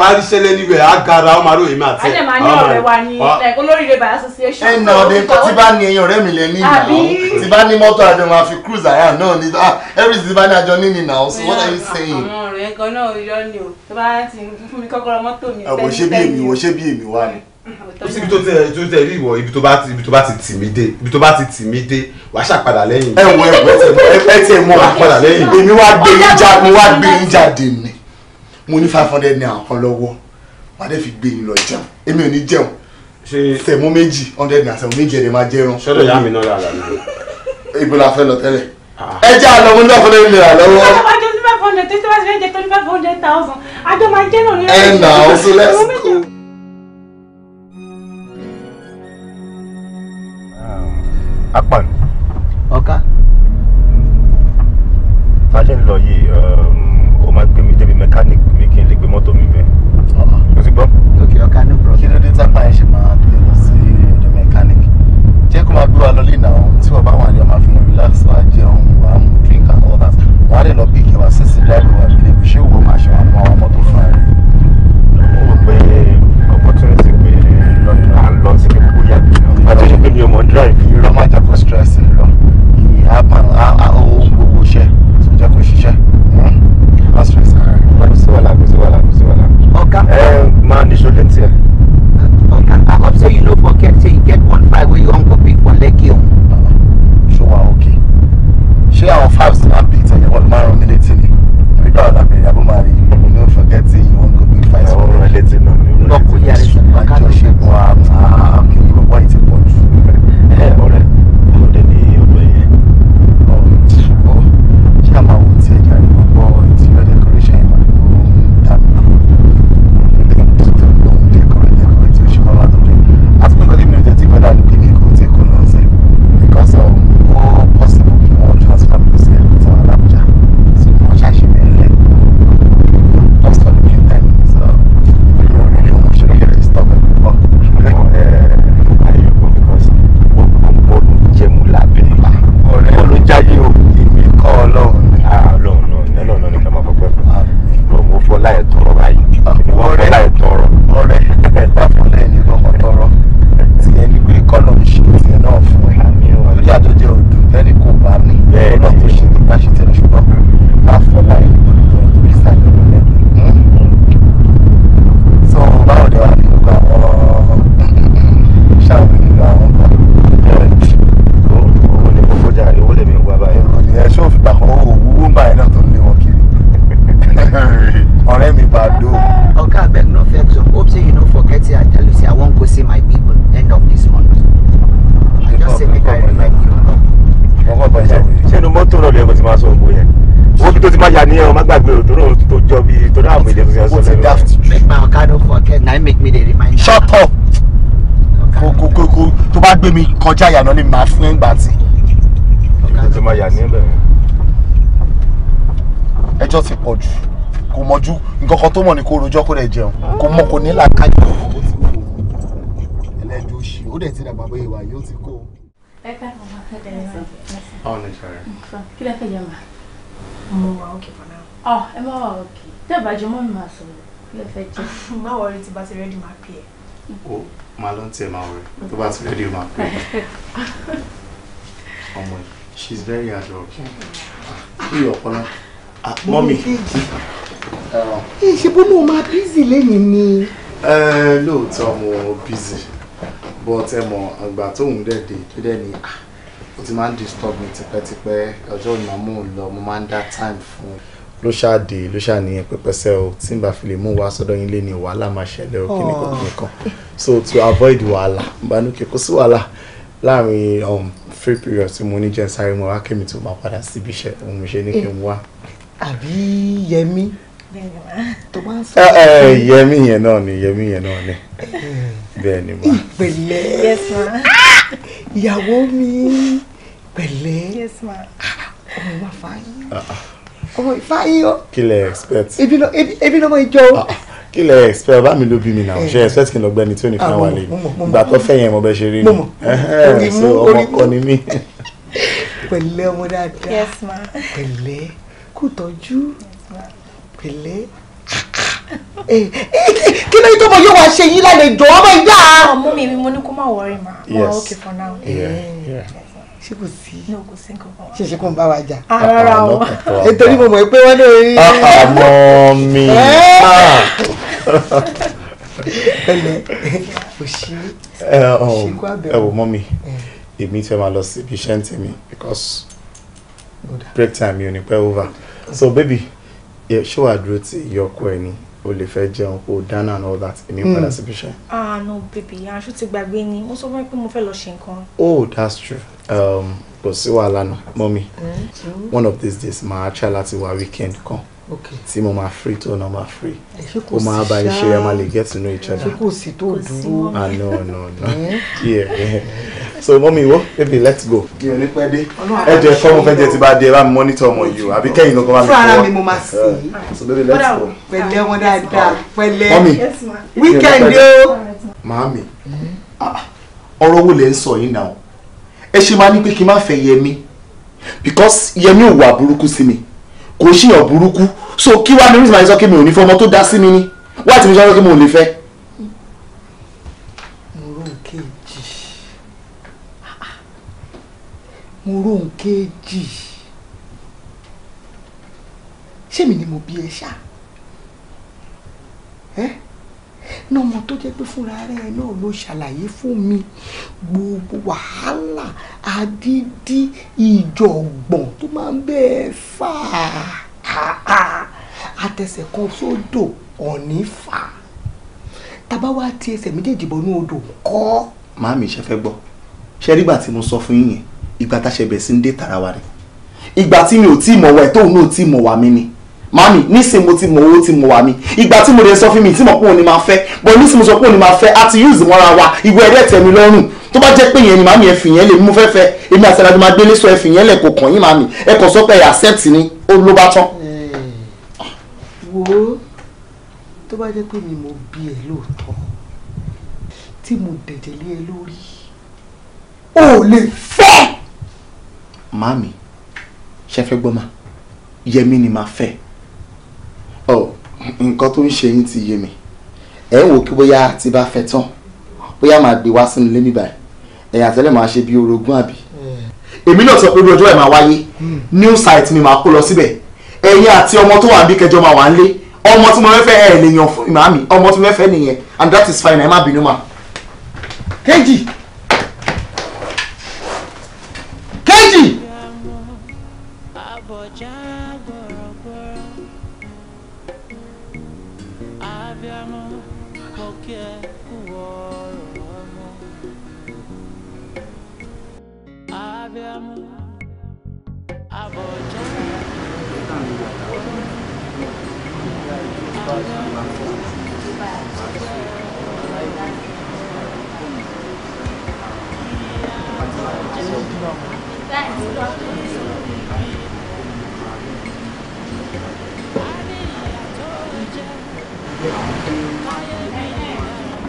a rí sẹ́lẹ̀ níbẹ̀ á gara ọmọ àrò èmi àti ẹ̀. alẹ́ màá ní ọ̀rẹ́ wa ní ah. olóríire by association. ẹnà ọdẹ tí bá ní ẹyin ọ̀rẹ́ mi lẹ ní ìnáwó tí bá ní mọ́tò àjọ máa fi cruise àyà náà ní every tí bá ní àjọ ní ìnáwó so what are you saying. àwọn ọ̀rẹ́ kan náà yọ ni o tó bá ti fún mi kọ́kọ́rọ́ mọ́tò mi sẹ́yìn sẹ́yìn. àwòṣe bí èmi wá wá ni ó sì ibi tó tẹ tó tẹ rí ìwọ ibi tó bá ti ibi tó bá ti tì mí dé ibi tó bá ti tì mí dé wàá ṣàpadà lẹ́yìn. ẹ wọ ẹ ẹ tiẹ mọ àpadà lẹ́yìn. èmi wá gbé yín já mo wá gbé yín jáde ni mo ní five hundred naira kan lọ́wọ́ wàá dẹ́ fi gbé yín lọ jẹun èmi ò ní jẹun sẹ̀mó méjì hundred naira sẹ̀mó méjì ẹ̀rẹ̀ máa jẹun. sọ́dọ̀ ìyá mi náà rà lánàá. ibo la fẹ́ lọ tẹ́lẹ̀ ah. ẹ jẹ́ àlọ́ mo ní five hundred naira lọ́wọ́. àjọ ní five hundred tó ti wá sí ẹ̀jẹ̀ tó ní five hundred thousand àjọ máa náà ó so lẹ́sìn. ác Akbar kọjá ìyànà lè máa fún ẹgbàá tì. ìlú tó máa yà ní ẹbẹ̀ yẹn. ẹjọ́ ti pọ̀ jù kò mọ̀jú nǹkan kan tó mọ̀ ní kó rojọ́ kó dẹ̀ jẹun kò mọ̀ kò ní làákàyè. ẹlẹ́jọ́ òṣì ó dẹ̀ ti dàgbà bóyá ìwà yóò ti kó. ẹ bá wọn máa fẹ́ bẹ̀rẹ̀ náà. ọ̀hún ni sọ̀rọ̀. kí lẹ fẹ́ jẹun mo wà òkè fún náà. ọ ẹ má wà òkè tẹ́ bàjẹ́ mọ́ mi máa sọ̀rọ̀ kí lẹ fẹ́ jẹ. Ah, má wọrí tí bá ti rẹ́dì máa pè é máa lọ tiẹ̀ máa wẹ̀ tó bá ti rẹ́dí o máa pè é ọmọ she is very adorable bí ọ̀pọ̀lọ́ ah, mọ́mì. ṣe bó mo máa bízì lẹ́yìn ni. lóòótọ́ mo bízì but ẹ mọ̀ àgbà tóun dẹ̀ dé tó dẹ̀ ní ah, ó ti máa ń disturb mi tipẹ́tipẹ́ ọjọ́ ìmọ̀ mò ń lọ mo máa ń dá time fún un ló ṣáàdè ló ṣàníyàn pẹpẹsẹ o tí n bá fi lè mú wa sọ́dọ̀ yín lé ní wàhálà máa ṣẹlẹ̀ o kíní kan kíní kan so to avoid wàhálà mbanúkẹ kò sí wàhálà láàrin um, free period tí mo ní jẹ́ sáré mo wá kémi tó máa padà síbi iṣẹ́ òun mo ṣe ní kí n wá. àbí yẹmi tó máa ń sọ. Eh, eh, yẹmi yẹn náà ni yẹmi yẹn náà ni eh, bẹ́ẹ̀ ni ma. ìpẹ̀lẹ́ ìyàwó mi pẹ̀lẹ́ ah, ọmọ wa fa ah, yín. Ah ọmọ ìfáyín o. kí lẹ expect. ebi lọ ebi lọmọ ìjọ o. Ah, kí lẹ expect bá mi ló bí mi náà ṣe eh. expect kí n lọ gbẹni tí ò ní fún wa lè gbà tó fẹ́ yẹn mo bẹ ṣe rí ni eh, so ọmọ kọ ni mí. pẹ̀lẹ́ ọmọ dáadáa yes ma pẹ̀lẹ́ kò tọ́jú pẹ̀lẹ́ eh, kí ló yí tó mọ yóò wá ṣe yín lálejò ọmọ ìgbà. ọmọ mi mo ní kó má wọrí ma. yes ok for now. Yeah. Yeah. Yeah ṣé kò sí ṣe ṣe kó n bá wa jà. Ah, rárá ah, o nítorí mo mọ̀ pé wọ́n lè rí. àmọ́ mi. ẹlẹ òṣì òṣìkú àbẹ̀wò. ẹ wò mọ́ mi eh. èmi fẹ́ máa lọ sí ibi iṣẹ́ ń tèmi because break time yóò ní pẹ́ over so baby ṣé wàá dúró tí ìyọkọ ẹ ni o lè fẹ́ jẹun kó dáná and all that èmi padà hmm. sí ibi ah no baby aṣọ ti gbàgbé ni mo sọ fún mi pé mo fẹ́ lọ ṣe nǹkan. oh that's true Um, kò sí wàhálà náà mọ́mí mm, one of these days màá ṣá láti wá weekend kan tí mo máa free tó náà máa free ó máa bá iṣẹ́ ẹ máa lè get to know each other. kò sí tó dúró. ah no no eh? so mọ́mí wo baby let's go. mi ò pẹ́ dé ẹ jẹ́ fọ́ọ̀mù fẹ́ jẹ́ bá dé ẹ bá mi monitor ọmọ yìí o àbí kẹ́yìn ló kọ́ bá mi fọ́. fún ara mi mo máa sí i. Eh, so baby let's go. pẹ̀lẹ́ wọn dáadáa pẹ̀lẹ́ weekend o. màámi mm. ah, ọ̀rọ̀ wo lẹ ń sọ yìí náà ẹ ṣe máa ní pé kí n má fẹ́ Yẹmi because Yẹmi ò wà burúkú sí mi kò ṣèyàn burúkú so kí wàá mi rí ìsìnkú kí mi ò ní fẹ́ ọmọ tó dá sí mi ní wàá ti mi sọ kí mi ò lè fẹ́. mo rò ń kejì mo rò ń kejì ṣé mi ni mo bí ẹ ṣá ẹ. Eh? ní ọmọ tó jẹ́ pé fúnra rẹ̀ náà ló ṣàlàyé fún mi gbogbo wàhálà àdídí ìjọ̀gbọ̀n tó máa ń bẹ́ẹ̀ fà á àtẹsẹ̀ kan sódò ọ̀ní fà á tábà wá ti ẹsẹ̀ méjèèjì bọ́nú odò kọ́. màámi ṣe fẹ́ gbọ́ ṣe rí ìgbà tí mo sọ fún yín yẹn ìgbà tá a ṣe bẹ̀ sí ń dé tara wa rẹ̀ ìgbà tí mi ò tí ì mọ̀ wá ẹ̀ tóun náà tí ì mọ̀ wá mi ni mami nísìn mo ti mọ owó tí mo wà mi ìgbà tí mo lè sọ fún mi tí mo pọ́n ni máa fẹ́ bọ́ nísìn mo sọ pé òun ni máa fẹ́ àti yúùsì mọ́ra wa ìwé ẹ̀rẹ́ tẹ̀mí lọ́rùn tó bá jẹ́ pé yẹn ni màmí ẹ̀fìn yẹn lè mú fẹ́fẹ́ èmi àti alájọ máa gbélé sọ ẹ̀fìn yẹn lẹ̀ kò kàn yín màmí ẹ kàn sọ pé ẹ̀ accept ni ó ló bá tán. wo tó bá jẹ́ pé mi mo bí ẹ lóòótọ́ tí mo dẹ̀dẹ̀ lé ẹ lórí o ò lè fẹ́. màmí ṣe fẹ́ gbọ́ ma yẹmi ni màá fẹ́ Oh, nǹkan tó ń ṣe yín ti yé mi ẹ ń wò kí bóyá ti bá fẹ́ tán bóyá máa gbé wá sínú ilé mi báyìí ẹ̀yà tẹ́lẹ̀ máa ṣe bí orogún àbí. èmi náà sọ pé bí ọjọ́ ẹ̀ máa wáyé new site mi máa kó lọ síbẹ̀ ẹ̀yin àti ọmọ tó wà níbí kẹjọ máa wà ń lé ọmọ tí mo fẹ́ fẹ́ ẹ̀ lè yan fún màmí ọmọ tí mo fẹ́ nìyẹn and that is fine ẹ má bínú mà. kejì kejì. abiyamọ abọjọ.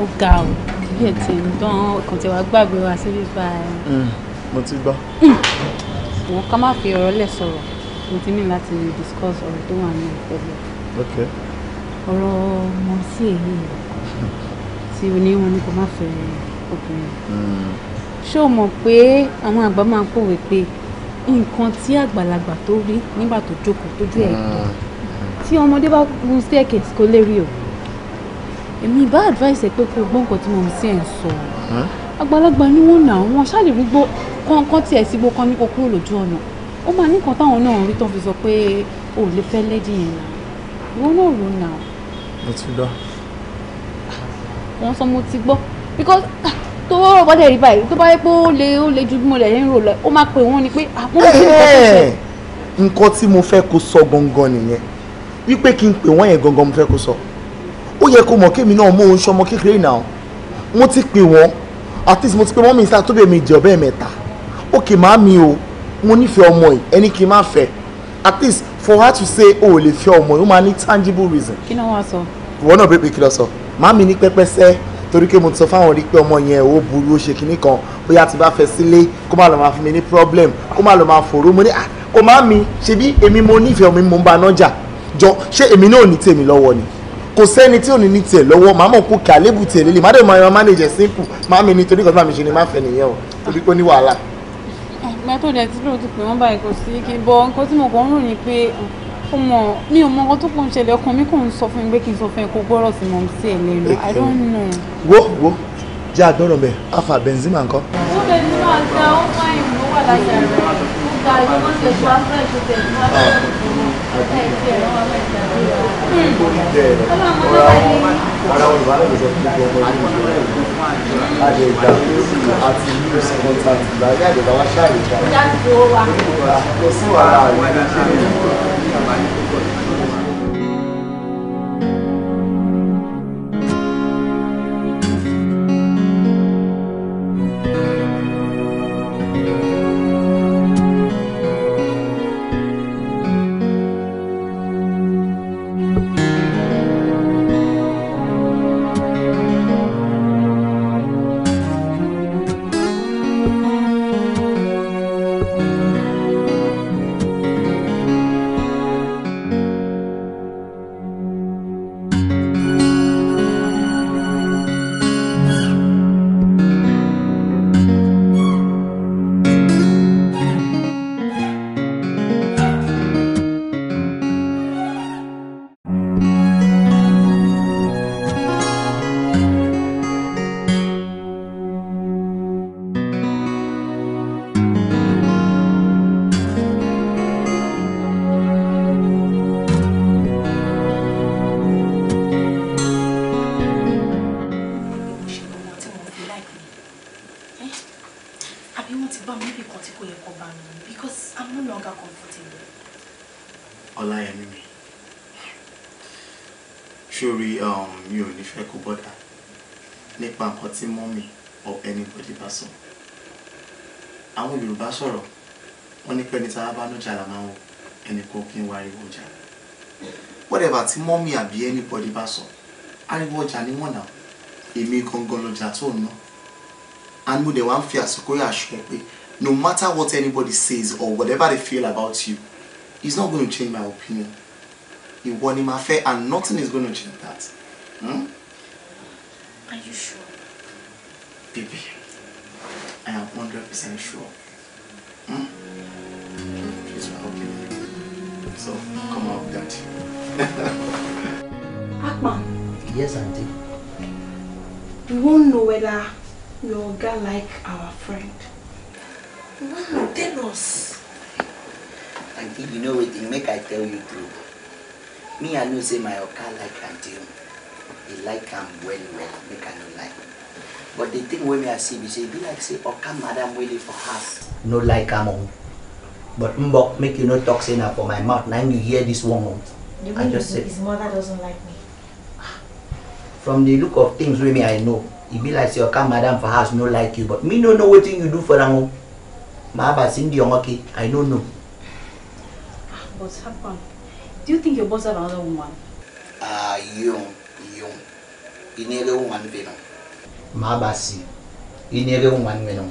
ó ga ọ bí ẹ ti ń dán ọkàn tí wàá gbàgbé wa síbí báyìí. Mm mo ti gbọ́. wọ́n ká má fi ọ̀rọ̀ lẹ̀ sọ̀rọ̀ mo ti ní láti discuss ọ̀rọ̀ tó wà ní ìpẹ̀lẹ̀. ọ̀rọ̀ mo sí èyí tí o ní wọn ni kò má fẹ́ obìnrin. Hmm. ṣé o mọ̀ pé àwọn àgbà máa ń pòwe pé nǹkan tí àgbàlagbà tó rí nígbà tó jókòó tójú ẹ̀ tó hmm. tí ọmọdé bá gun staircase kó lè rí o èmi bá advice ẹ pé kó gbọ́ nǹkan tí mo ń sí sọ àgbàlagbà ni wọ́n nà wọ́n ṣáàlì rí gbó kọ́ńkọ́ sí gbó kan ní kó kúrò lójú ọ̀nà ó máa ní nǹkan táwọn náà rí tó fi sọ pé o lè fẹ́ lẹ́dí yẹn nà ìwọ náà ló nà. mo ti gbọ́. wọ́n sọ mo ti gbọ́ because ah, tó rọ̀ bọ́dẹ̀ rí báyìí tó bá yẹ pé ó le ó le ju bí mo lẹ̀ ń rò lọ ó máa pè wọ́n ni pé àpò mi ò nǹkan tí mo fẹ́ kó sọ gangan nìyẹn wípé kí n pè wọ́n yẹn gangan mo fẹ́ kó sọ ó yẹ kó mọ̀ kémi náà mú oúnjẹ ọmọ kékeré náà mo ti pè wọ́n at least mo ti pé mọ́mí sáà tó bẹ̀ mi jẹ́ ọ̀bẹ́ mẹ́ta okay màámi o mo nífẹ̀ẹ́ ọmọ yìí ẹni kì í fẹ́ at least for her to say o ò lè fẹ́ ọmọ yìí ó máa ní tangible reason. kí ló wá sọ. ìwọ náà bẹ́ẹ̀ pé kí ló sọ màámi ní pẹ́pẹ́sẹ́ torí pé mo ti sọ fáwọn rí pé ọmọ yẹn ò burú ó ṣe kinní kan bóyá ti bá fẹ́ sílé kó má lọ máa fún mi ní problem kó má lọ máa fòró mo ní ah kò má mi ṣebí èmi mo nífẹ̀ẹ́ mi mo ń ba náà jà jọ ṣé èmi náà ní tèmi lọ́wọ́ ni kò sẹ́ni tí ò ní ní tiẹ̀ lọ́wọ́ màá mọ̀ kó kí àlébù tiẹ̀ lélẹ̀ má dẹ̀ mọ manager simple má mi nítorí kan tó bá mi ṣe ni má fẹ́ nìyẹn o torí pé ó ní wàhálà. ìgbà tó dẹ̀ tí lóòótọ́ pé wọ́n báyìí kò sí kí n bọ nǹkan tí mo kàn ń rò ní pé ó mọ mi ò mọ nǹkan tó kàn ń ṣẹlẹ̀ ọkàn mi kò ń sọ fún mi pé kí n sọ fún ẹ kó gbọ́rọ̀ sí mọ̀ sí ẹ lẹ́nu I nítorí jẹ ọ̀rọ̀ àwọn ará olùwà lẹ́gbẹ̀ẹ́ sọ fún gbogbo ọmọ ìlú rẹ̀ láti ìgbà àti ìlú sẹ́kọ̀ntà ìgbà yá ìgbà wá ṣáà ìgbà kò sí wàhálà rẹ̀ sórí um, mi ò ní fẹ́ kó bọ́dà nípa nǹkan tí mọ́mì or anybody bá sọ àwọn Yorùbá sọ̀rọ̀ wọ́n ní pẹ́ni tá a bá nájà là máa ń wò ẹnì kan kí n wá ariwo ọjà whatever tí mọ́mì àbí anybody bá sọ ariwo ọjà ni wọ́n nà èmi gangan lọ́jà tó ń ná and mo dẹ̀ wá ń fi àsìkò yà aṣọ pé no matter what anybody says or whatever they feel about you it's not going to change my opinion. ìwọ ni màá fẹ́ and nothing is gonna change that. Hmm? Are you sure? Baby, I am 100% sure. Hmm? Please, I'll So, come out, Dad. Akma. Yes, Auntie. We won't know whether your girl like our friend. No, tell us. Auntie, you know what? Make I tell you to. me i know say my oga like am too he like am well well make i no lie but the thing wey me i see be say e be like say oga madam wey dey for house no like am o oh. but mbok make you no talk say na for my mouth na you hear this one o oh. i just say his mother doesn't like me from the look of things wey me i know e be like say oga madam for house no like you but me no know wetin you do for am o oh. ma haba sindi omoke i no know. Ah, but happen Do you think your boss have another woman? Ah, yun, yun. Inere woman venom. Mabasi. Inere woman venom.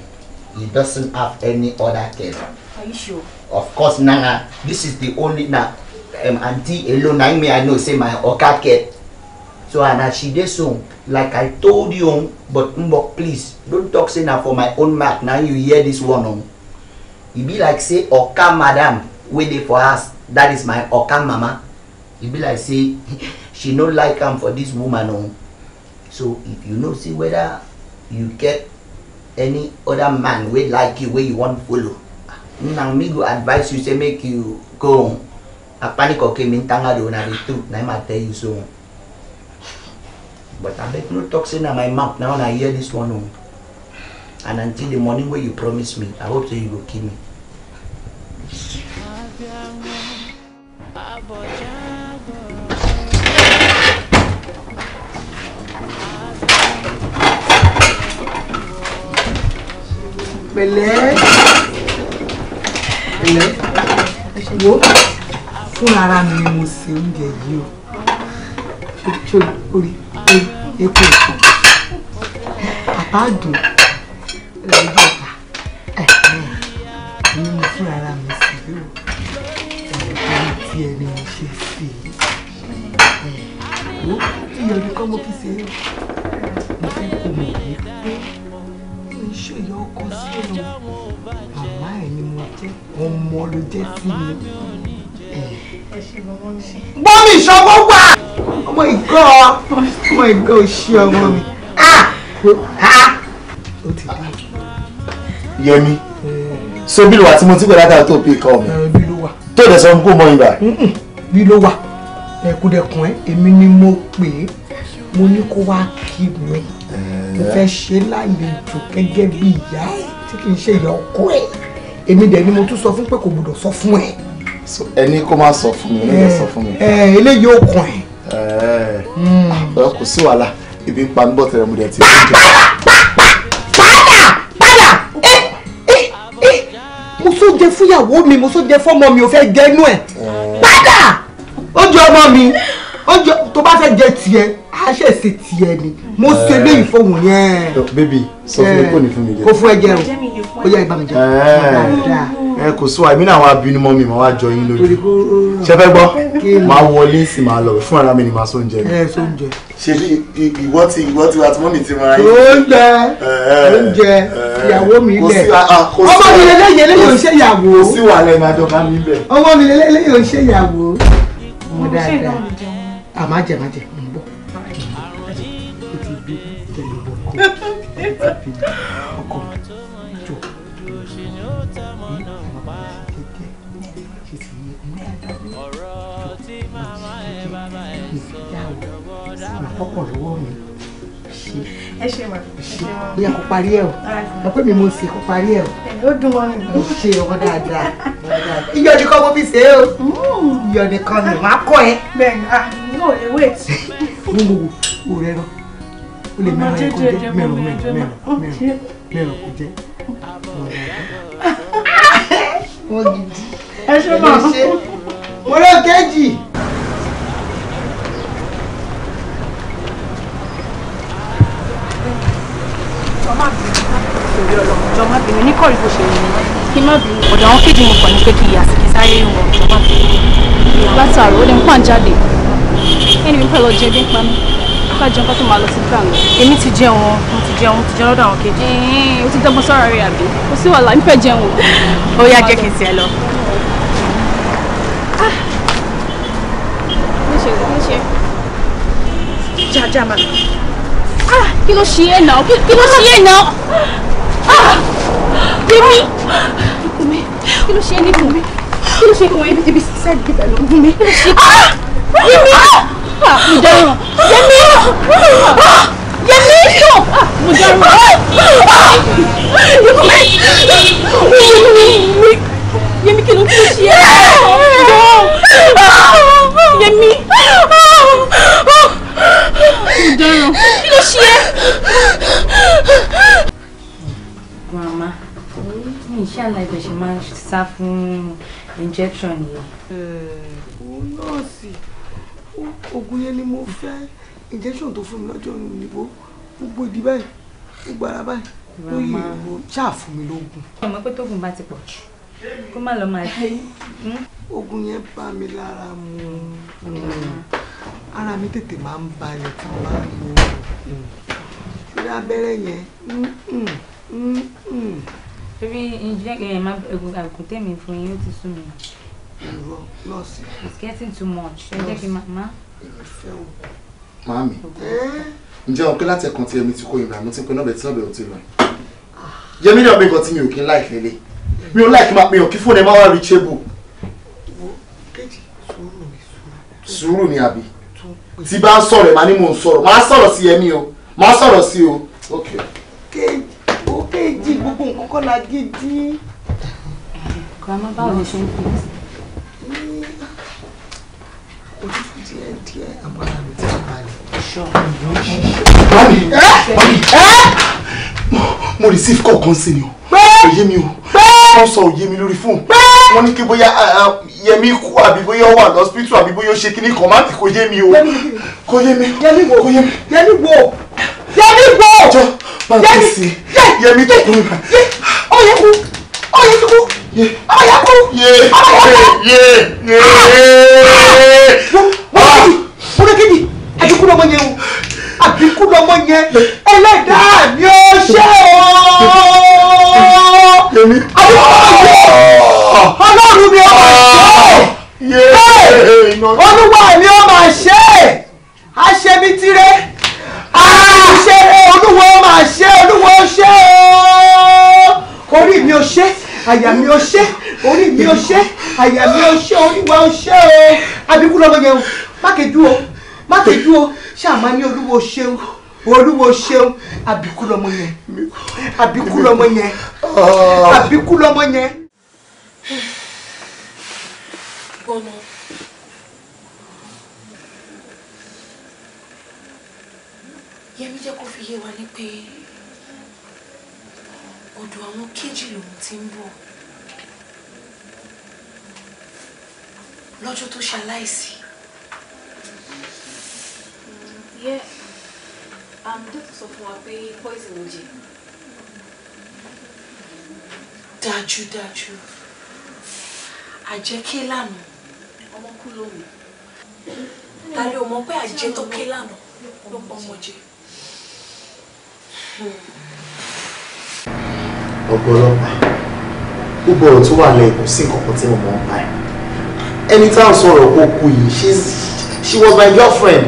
He doesn't have any other kid. Are you sure? Of course, Nana. This is the only na um, auntie alone. I may I know say my oka girl. So and as she did so, like I told you, but Mbok, please don't talk say now for my own mark. Now you hear this one. Um. E be like say oka madam wey for us. that is my okan mama e be like say she no like am for this woman oh. so if you know see whether you get any other man wey like you wey you wan follow na me go advise you say make you go panic apanikoke mi ntanga do na the truth na im i tell you so but abeg no talk say na my mouth na when i hear this one o oh. and until the morning wey you promise me i hope say you go kill me pẹ̀lẹ́ pẹ̀lẹ́ wo fún ara mi ni mo ṣe oúnjẹ yìí o ṣoṣo orí orí ètò ìtàn àbádùn ẹ̀rọ ìjọba. ọlọ́run mo kì í sí yín mo fẹ́ kó mọ̀ pé mi ò ṣe ìyá ọkọ sí ẹ̀ lọ màmá ẹ̀ ni mo jẹ́ ọmọ ló jẹ́ sí mi. Bọ́mì ìṣọwọ́ wà! ti mo ti pẹ̀lú àtàwọn tó pè kọ́ mi? Bí ló wà? Tó dẹ̀ sọ fún kó mọ ibà. Bí ló wà? Ẹ̀kúdẹ̀kùn ẹ̀, èmi ni mo pè mo ní kó wá kí mi kí fẹ́ ṣe lálejò gẹ́gẹ́ bí ìyá tí kì í ṣe ìyá ọkọ ẹ̀ èmi dẹ̀ ni mo tún sọ fún pé kò gbọdọ̀ sọ fún ẹ̀. ẹni kó má sọ fún mi ẹni lè sọ fún mi. eléyìí ó kàn ẹ̀. ọ̀rọ̀ hmm. kò sí wàhálà ibi ń pa ń bọ̀ tẹ̀lé mo dẹ̀ ti rí jẹ. padà padà mo sọ jẹ fúyàwó mi mo sọ jẹ fọmọ mi ò fẹ́ jẹ inú ẹ̀ padà ó jẹ ọmọ mi oúnjẹ tó bá fẹ́ jẹ tiẹ̀ á ṣe ṣe tiẹ̀ ni mo ṣe eh. léyìí fóun yẹn. bébì sọ fún mi eh. kò ní fún mi jẹ. kò fún ẹ jẹ o ó yá ìbámu jẹ. ẹ eh. kò sọ àìmí náà àwọn abínú mọ́ mi máa wá jọ yín lójú ṣe fẹ́ gbọ́ máa wọlé sí máa lọ fún ara mi ni máa sọ oúnjẹ. ẹ sọ oúnjẹ. ṣe bí ìwọ ti ìwọ ti wà tí mo ní ti máa yín. oúnjẹ oúnjẹ ìyàwó mi lẹ ah, ah, ọmọ mi lélẹyìn eléyìí ò ń ṣe ìyàwó ọmọ mi lélẹyìn eléyìí ò ń ṣe ìyàwó. mo dáadáa àmájẹ ah, májẹ ń bọ̀ ó ti gbé pẹ̀lú ọkọ ọkọ jọ ọ̀rọ̀ tí màmá ẹ̀ bàbá ẹ̀ sọ ọ̀dọ́gbọ́dá ẹ ṣe wà. bóyá kò parí ẹ o ẹ pé mi mo sè kò parí ẹ o. ó dùn mọ́ mi. mo ṣe ọmọ dáadáa iyọ̀ nìkan mo fi ṣe é o mm. iyọ̀ nìkan mi máa kọ́ ẹ. bẹ́ẹ̀ni ah no dey wait. mo wo wo rẹ o lè mẹ́rin kó jẹ́ mẹ́rin mẹ́rin mẹ́rin mẹ́rin kó jẹ́. wọ́n gidi ẹ ṣe mo rò kejì. jọ má bínú ní kọ́ọ̀rí bó ṣe rí mi kí má bínú ọ̀dọ̀ àwọn kéjì mo kàn ní pé kí ìyá sì kí sáré wọn jọ má bínú látàrí ó lè ń pàn jáde ẹni mi pẹ́ lọ jẹ bí ń pa mí ká jẹun ká tó máa lọ sí gbà mí èmi ti jẹun mo ti jẹun ti jẹun lọ́dọ̀ àwọn kéjì. o ti dọ́gbọ́n sọ́ra rẹ̀ àbí kò sí wàhálà ń fẹ́ jẹun o. ó yá jẹ́ kí n tiẹ̀ lọ. níṣẹ́ níṣẹ́ jájá máa kí ló ṣe é náà kí ló ṣe é náà ah! bíbí ìkùnmí kí ló ṣe é ní ìkùnmí kí ló ṣe é ìkùnmí ibi side bíbẹ ló ń gún mi kí ló ṣe é bíbí mo dẹrùn yẹmí yẹmí tó mo dẹrùn yẹmí yẹmí kí ló ṣe é yẹmí ọ̀daràn kí ló ṣe é. màmá mi ìṣe àlàyé ṣe máa ń sá fún injection yìí. òun náà sì oògùn yẹn ni mo fẹ́ injection tó fún mi lọ́jọ́ òyìnbó gbogbo ìdí báyìí gbogbo ara báyìí ó yẹ ìwọ ṣáà fún mi lóògùn. ọmọ pé tóògùn bá ti pọ̀ jù kó má lọ máa dé. oògùn hmm? yẹn ara mi tètè máa ń balẹ̀ tí mo máa ń lo oògùn ṣúlẹ̀ abẹ́rẹ́ yẹn torí ìjẹ́gẹ̀ ẹ̀ máa ẹ̀gùn àgùn tèmi fún yín ó ti sú mi. irọ́ lọ́ọ̀sì. it's getting too much ẹ jẹ́ kí màmá. ìfẹ́ o. màámi ǹjẹ́ ọ̀kẹ́ láti ẹ̀kan tí ẹ̀mí ti kó ìrìn àmọ́ tí ń pe nọ́ọ̀bẹ̀ tí nọ́ọ̀bẹ̀ ò ti rìn. yẹmi ní ọ̀gbìn kan tí mi ò kí ń láìfẹ́ lé mi ò láìfẹ́ máa pe ọ̀kí fóònù ẹ̀ máa wá reachable. sùúrù ni àbí tí bá ń sọ̀rọ̀ màá ní mò ń sọ̀rọ̀ màá sọ̀rọ̀ sí ẹ̀mí o màá sọ̀rọ̀ sí o. kejì ó kejì gbogbo nǹkan kọ́ la gidi. grandma báwo ṣe ń pè é. ojú díẹ̀ díẹ̀ àmọ́ ara mi ti balẹ̀. mami mami mo receive kọ̀ọ̀kan sí ni o òye mi o sọ́sọ́ òye mi lórí fóònù wọ́n ní kí bóyá ah, ah, yẹmi kú àbí bóyá ó wà lọ́sípítù àbí bóyá ó ṣe kíní kan má ti kò yé mi o kò yé mi kò yé mi. yẹmi wo yẹmi wo jọ máa tẹ̀ sí yẹmi tó kú ibà. ọyẹ kú ọyẹ kú ọyẹ kú ọyẹ kú. Ah! wọ́n kékeré àdínkù lọ́mọ yẹn o àdínkù lọ́mọ yẹn ẹlẹ́dàá mi ò ṣe o tèmi. ọlọ́run ni ó máa ṣe olúwa ni ó máa ṣe aṣebitire aṣe olúwa ó máa ṣe olúwa ó ṣe orí mi ó ṣe àyà mi ó ṣe orí mi ó ṣe àyà mi ó ṣe oríwa ó ṣe o àbíkú lọ́mọ yẹn o má kéjú o má kéjú o ṣáà má ní olúwa ó ṣe o olúwo ṣeun àbíkú lọmọ yẹn àbíkú lọmọ yẹn àbíkú lọmọ yẹn. bọ́nà yẹmi jẹ́ kó fi yé wa ní pé ọ̀dọ̀ àwọn kejì lòun ti ń bọ̀ lọ́jọ́ tó ṣaláìsí. Yeah. Um, dókítà sọ fún wa pé poison ló jẹ. dájúdájú àjẹké lánàá ọmọ kú lónìí ta ló mọ̀ pé àjẹ tó ké lánàá ló pọ ọmọ jẹ. ọ̀pọ̀lọpàá gbogbo ọ̀rọ̀ tó wà lẹ́yìn sí nǹkan tí mo mọ̀ ń pa ẹ̀ ẹni tá à ń sọ̀rọ̀ kó kú yìí she was my girlfriend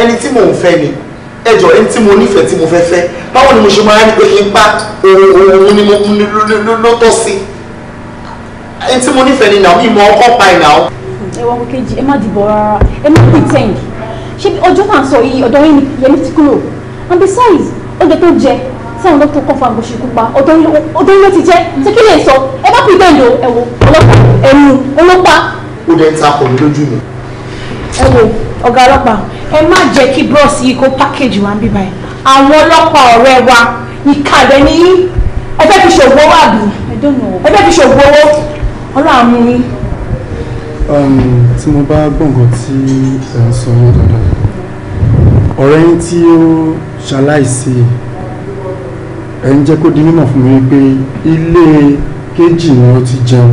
ẹni tí mò ń fẹ́ ni ẹjọ ẹni tí mo nífẹ̀ẹ́ tí mo fẹ́ fẹ́ báwo ni mo ṣe máa ń pè é pa òun òun ni mo ló tọ́ sí ẹni tí mo nífẹ̀ẹ́ ni nàá ìmọ̀ ọkọ̀ pa ìnà. ẹ wọ kejì ẹ má dìbò rárá ẹ má pretend ṣé ọjọ́ náà sọ yìí ọ̀dọ̀ yìí yẹn ti kúrò and besides oúnjẹ tó jẹ sáwọn dókítà kan fún àgbòṣe pupa ọ̀dọ̀ yìí ló ti jẹ ṣé kí lè sọ ẹ bá pretend o ẹ wo ọlọ́pàá ẹnu ọlọ́pàá. o dẹ́ ń takọ̀ mi lójú mi. ẹ wo ọ̀gá ọlọ́pàá ẹ má jẹ́ kí bọ́ọ̀sì yìí kó pákéjì wa ń bí báyìí àwọn ọlọ́pàá ọ̀rẹ́ wa ìkàdé ní ẹ fẹ́ fi ṣògbó wà bí ẹ fẹ́ fi ṣògbó owó ọlọ́run mú mi. Um, tí mo bá gbọ̀ngàn tí ẹ ń sọ yín dandan ọ̀rẹ́ yín tí ó ṣaláìsí ẹ ń jẹ́ kó di mímọ̀ fún mi wípé ilé kejì ni ó ti jẹun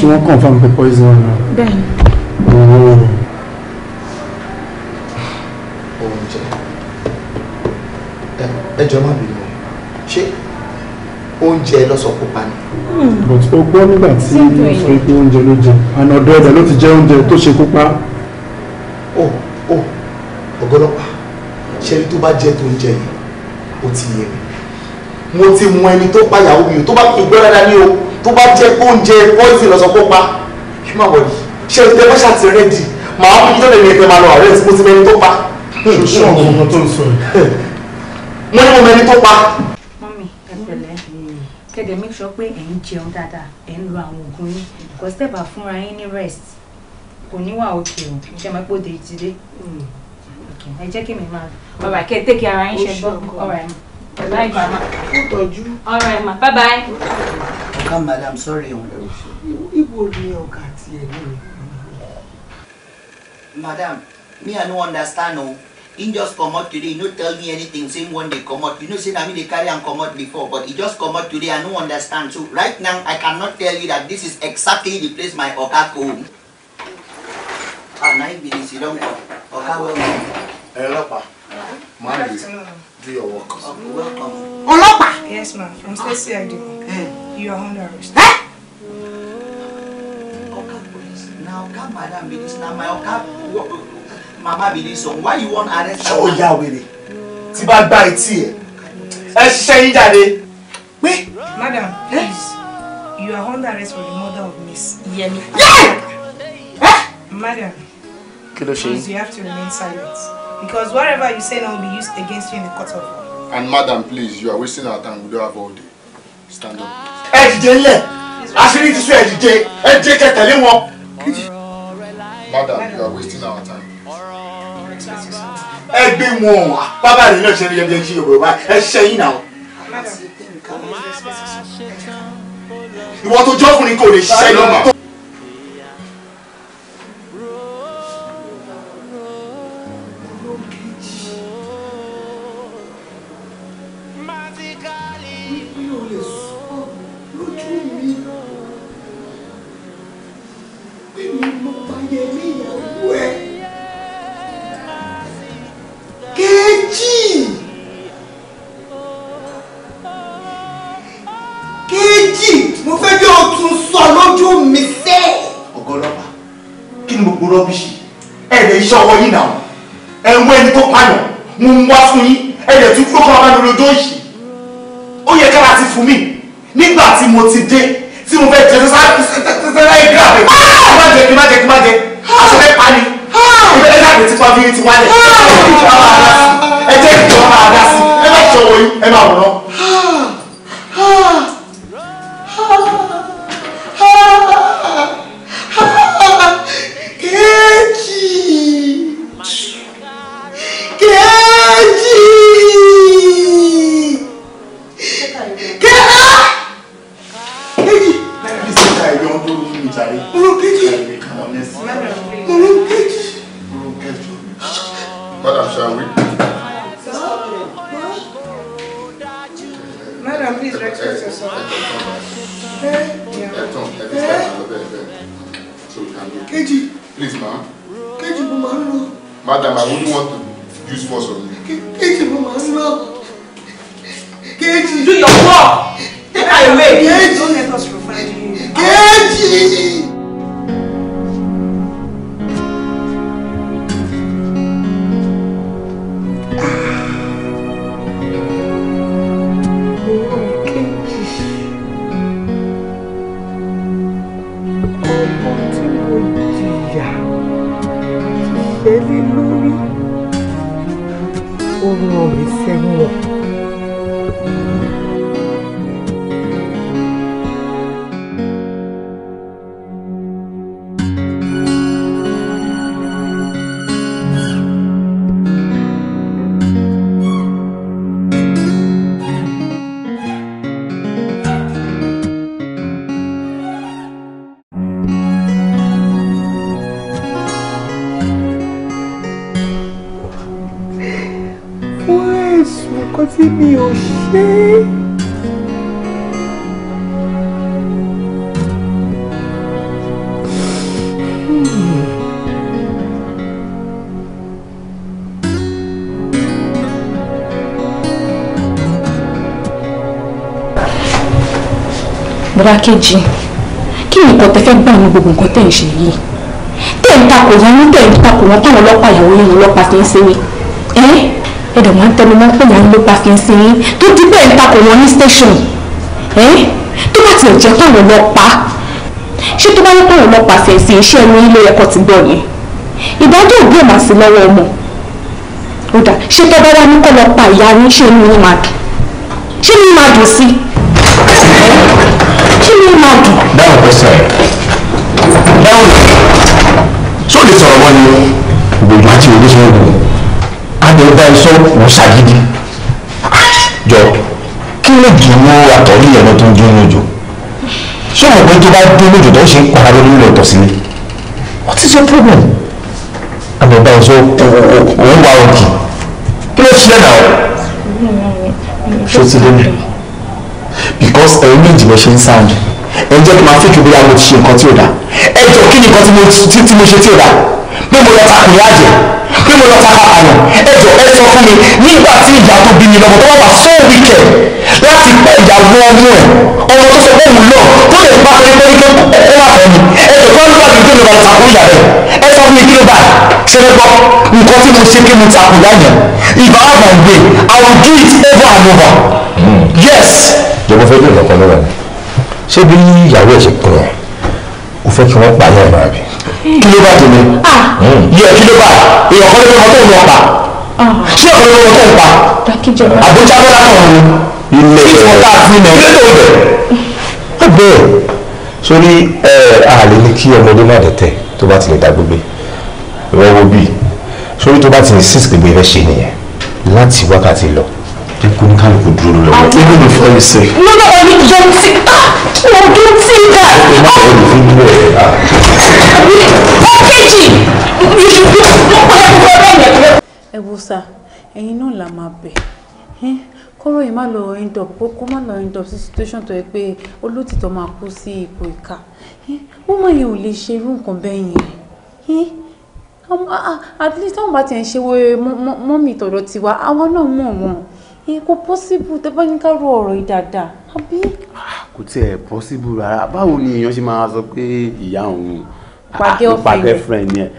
tí wọ́n kàn fáwọn pẹ́pọ́ ìzọ́ra. bẹ́ẹ̀ ni. ẹ jọ má bínú ṣé oúnjẹ lọ́sọ̀kú pa ni. but o gbọ́ nígbà tí o sọ pé oúnjẹ ló jẹ àna ọ̀dọ́ ẹ̀dá ló ti jẹ oúnjẹ tó ṣe kú pa. o o ọgọlọpàá ṣẹlẹ tó bá jẹ tó ń jẹ yìí ó ti yẹ mi mo ti mọ ẹni tó pa ìyàwó mi o tó bá fi gbọ́ dáadáa o tó bá jẹ oúnjẹ poison lọ́sọ̀kú pa human body ṣẹlẹ tó bá ṣàti rẹ́dì màá fi tọ́lẹ̀ mi ẹ̀fẹ̀ máa lọ àrẹ́sì mo ti mọ tó pa. ṣùgbọ́n ọmọ tó ń sọ wọ́n ní mo mẹ́ni tó pa. mọ́mí ẹ pẹ̀lẹ́ kẹ́dẹ̀ make sure pé ẹ̀ ń jẹun dáadáa ẹ̀ ń lo àwọn oògùn yín kò sẹ́bà fúnra yín ní rest kò níwà òkè o ṣe máa pòde ìtìdé ẹ jẹ́ kí mi máa ọ̀rọ̀ kẹ́ ẹ tẹ́kẹ̀ ara yín ṣe gbọ́ ọ̀rọ̀ ẹ̀ mọ̀ bye ọ̀rọ̀ ẹ̀ mọ̀ bye bye. ọ̀gá madam sorry o ibo ni ọ̀gá tiẹ̀ ní. madam me i no understand o. No him just comot today He no tell me anything Same him wan dey comot you know say na me dey carry am comot before but he just comot today i no understand so right now i cannot tell you that this is exactly the place my oga go home ah na him be the sidon oga welcome. ọlọ́pàá man you do your work. ọlọ́pàá. yes ma from state cid eh? you are under arrest. Eh? oga police na oga madam be this na my oga mama be this one why you wan arrest her. ṣé o ya tí bá gbá etí ẹ ẹ ṣiṣẹ́ yín jáde. pé. madam please you are under arrest for the murder of miss yemi. madam kí ló please you have to remain silent because whatever you say now will be used against you in the court of law. and madam please you are wasting our time we don't have all day stand up. ẹ dìde ńlẹ̀ àṣírí ti sún ẹ dìde ẹ dìde kẹtẹ̀lé wọn. madam you are wasting our time ẹ gbé wọn bàbá rẹ náà ṣe ń yẹbi ẹjí yorùbá ẹ ṣẹyìn náà ìwọ tó jọkùnrin kò lè ṣiṣẹ́ lọ́mọ. дочь you want to use force on me. Kéjì mo máa ń Do your work. Take her away. Kéjì. kejì kí nǹkan tẹ fẹ́ gbà ní gbogbo nǹkan tẹ̀ ń ṣe yìí tẹ̀ ń takò wọn ní tẹ̀ ń takò wọn táwọn ọlọ́pàá ìyàwó yẹn ọlọ́pàá fi ń sinmi ẹ́ ẹ̀dọ̀ máa ń tẹnu mọ́ pé ìyàwó ló pa fi ń sinmi tó ti bẹ́ẹ̀ ń takò wọn ní station ẹ́ tó bá tiẹ̀ jẹ́ káwọn ọlọ́pàá ṣé tó bá yẹ káwọn ọlọ́pàá fẹ̀ sí iṣẹ́ ní ilé ẹ̀kọ́ ti gbọ́ yẹn ìdájọ́ òbí ẹ̀ máa sí lọ́wọ́ ọmọ ó dà ṣé tó bá wá ní kọ́ lọ́pàá ìyá ní ṣé ní ní máa dùn sí nínú ìlú ọ̀dùn. dáhùn pẹ́sẹ̀ dáhùn sọ lè sọ̀rọ̀ wọn ni gbogbo àti oníṣègùn adéọba iṣọ́ wùsàgídí jọ kí ló jù ú àtọ̀rí ẹ̀rọ tó ń dín lójú ṣé wọn pé tó bá dé lójú tó ṣe ń para lórí ilẹ̀ ọ̀tọ̀ sí ni what is your problem adéọba iṣọ́ òun wà òkè kí ló ṣe náà ṣé ti lé mi because ẹ̀yin méjì lè ṣe ń sound ẹ jẹ́ kí n máa fíkì bóyá mo ti ṣe nǹkan tí ò dáa ẹ jọ kí ni nǹkan tí mo ṣe tí ò dáa pé mo lọ ta kùnrin àjẹ́ pé mo lọ ta pàpàyàn ẹ jọ ẹ sọ fún mi nígbà tí ìyá tó bí mi lọ́mọ tó wà so wicked láti pẹ́ ìyàwó ọmọ ẹ̀ ọmọ tó sọ pé òun lọ tó lè bá fẹ́ pé kó wà fẹ́ mi ẹ jọ kí wọ́n nígbà tí mo lọ ta kùnrin àjẹ́ ẹ sọ fún mi kí ló bá ṣe lè nǹkan tí mo ṣe kí mo ta kùnrin àjẹ́ ìbára gbàgbé I will do it over and over hmm. yes jọ̀wọ́ fẹ́ bí ìkọ̀kan lọ́wọ́ ni ṣé bí ìyàwó ẹ̀ ṣe pè ẹ́ o fẹ́ kí wọ́n pa yẹn mọ́ àbí. kí ló bá tèmi ah. yẹ kí ló bá èèyàn kan ló lọ́wọ́ tó ń lọ pa ah. ṣé ọ̀kan ló lọ́wọ́ tó ń pa àbújá bọ́lá náà ni ilé ìfọ̀tà fún mi ilé tó bẹ̀. ó bẹ́ẹ̀ sórí àlè ní kí ọmọdé má dẹ̀tẹ̀ tó bá tilẹ̀ dá gbogbo rẹ̀ wo sórí tó bá ti ní sísì gbogbo ẹ̀ ṣe nìyẹn láti wákàtí lọ jẹ́ kó ní kálukú dúró lórí ọ̀rọ̀ even if all is safe. no no ọ̀rọ̀ ìjọ ti ọ̀ tó ti dà. ọ̀rọ̀ ìjọ ti dúró ẹ̀ dà. ọ̀kejì ẹ wo sá ẹ̀yin náà la máa bẹ̀ kọ́rọ̀ yìí má lọ end up kó má lọ end up sí situation tó yẹ pé olótìtọ́ máa kú sí ipò ìka wọ́n mọ̀ yẹn ò lè ṣe irú nǹkan bẹ́ẹ̀ yẹn ah, at least àwọn bá ti ń ṣe wọ́n mọ́mì tọ̀dọ̀ tiwa àwọn náà mọ̀ wọ́n kò pọ́síbù tẹ́ bá ní ká ro ọ̀rọ̀ yìí dáadáa àbí. Ah, kò tiẹ̀ pọ́síbù rárá báwo ni èèyàn ṣe máa sọ pé ìyá òun pa ah, girlfriend yẹn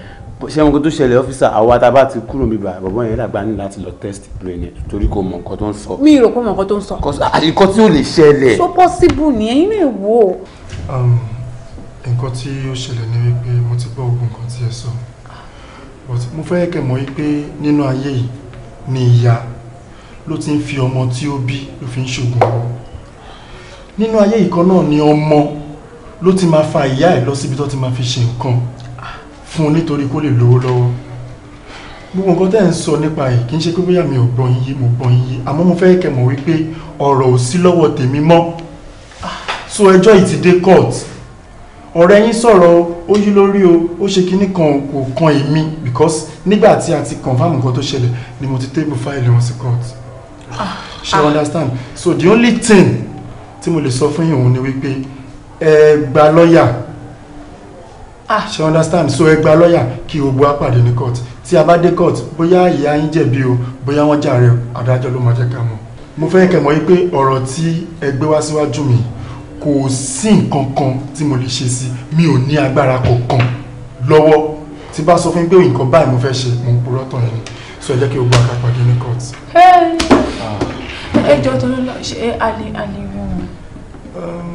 ṣé wọn kò tó ṣẹlẹ̀ ọ́fíìsà àwa tá a bá ti kúrò bíbá bọ̀bọ̀ yẹn dàgbà ní láti lọ test brain yẹn torí kò mọ nǹkan tó ń sọ. mi ò rò pé mọ nǹkan tó ń sọ. àyíkọ́ ah, tí ò lè ṣẹlẹ̀. so possible ni ẹ̀yin náà wò ó. Um, nǹkan tí ó ṣẹlẹ̀ ni wípé mo ti gbọ́ ogun nǹkan tí ẹ sọ but mo fẹ́ kẹ́ mọ̀ wípé nínú ayé yìí ni ìyá ló ti ń fi ọmọ tí ó bí ló fi ń ṣògùn nínú ayé ìkan náà ni ọmọ ló ti máa fa ìyá ẹ̀ lọ síbi tó ti máa fi ṣe nǹkan fún un nítorí kó lè lówó lọ́wọ́ gbogbo nǹkan tẹ́ ń sọ nípa ẹ̀ kì í ṣe pé bóyá mi ò gbọ́n yín mo gbọ́n yín àmọ́ mo fẹ́ kẹ́ mọ̀ wípé ọ̀rọ̀ ò sí lọ́wọ́ tèmi mọ́ so ẹjọ́ yìí ti dé court ọ̀rẹ́ yín sọ̀rọ̀ ó yí lórí o ó ṣe kinní kan kò kan èmi because nígbà tí a ti confam nǹkan tó ṣẹlẹ̀ ni mo ti table file wọn sí court ṣe ah. understand so the only thing tí mo lè sọ fún yín ni wípé ẹ gba lọ́yà ah. ṣe understand so ẹ gba lọ́yà kí gbogbo wa pàdé ní court tí a bá dé court bóyá ìyá yín jẹ̀bi o bóyá wọ́n jàre adájọ́ ló máa jẹ́ ká mọ̀ mo fẹ́ kẹ́ mọ̀ wípé ọ̀rọ̀ tí ẹ gbé wá síwájú mi kò sí nǹkan kan tí mo lè ṣe sí mi ò ní agbára kankan lọ́wọ́ tí bá sọ fún yín pé nǹkan báyìí mo fẹ́ ṣe mo ń purọ́ tán yẹn ni so ẹ jẹ́ kí gbogbo àká pàdé ní court. Ah. ẹ jọ tó ló lọ ṣe àlè àlè rí wọn. Um,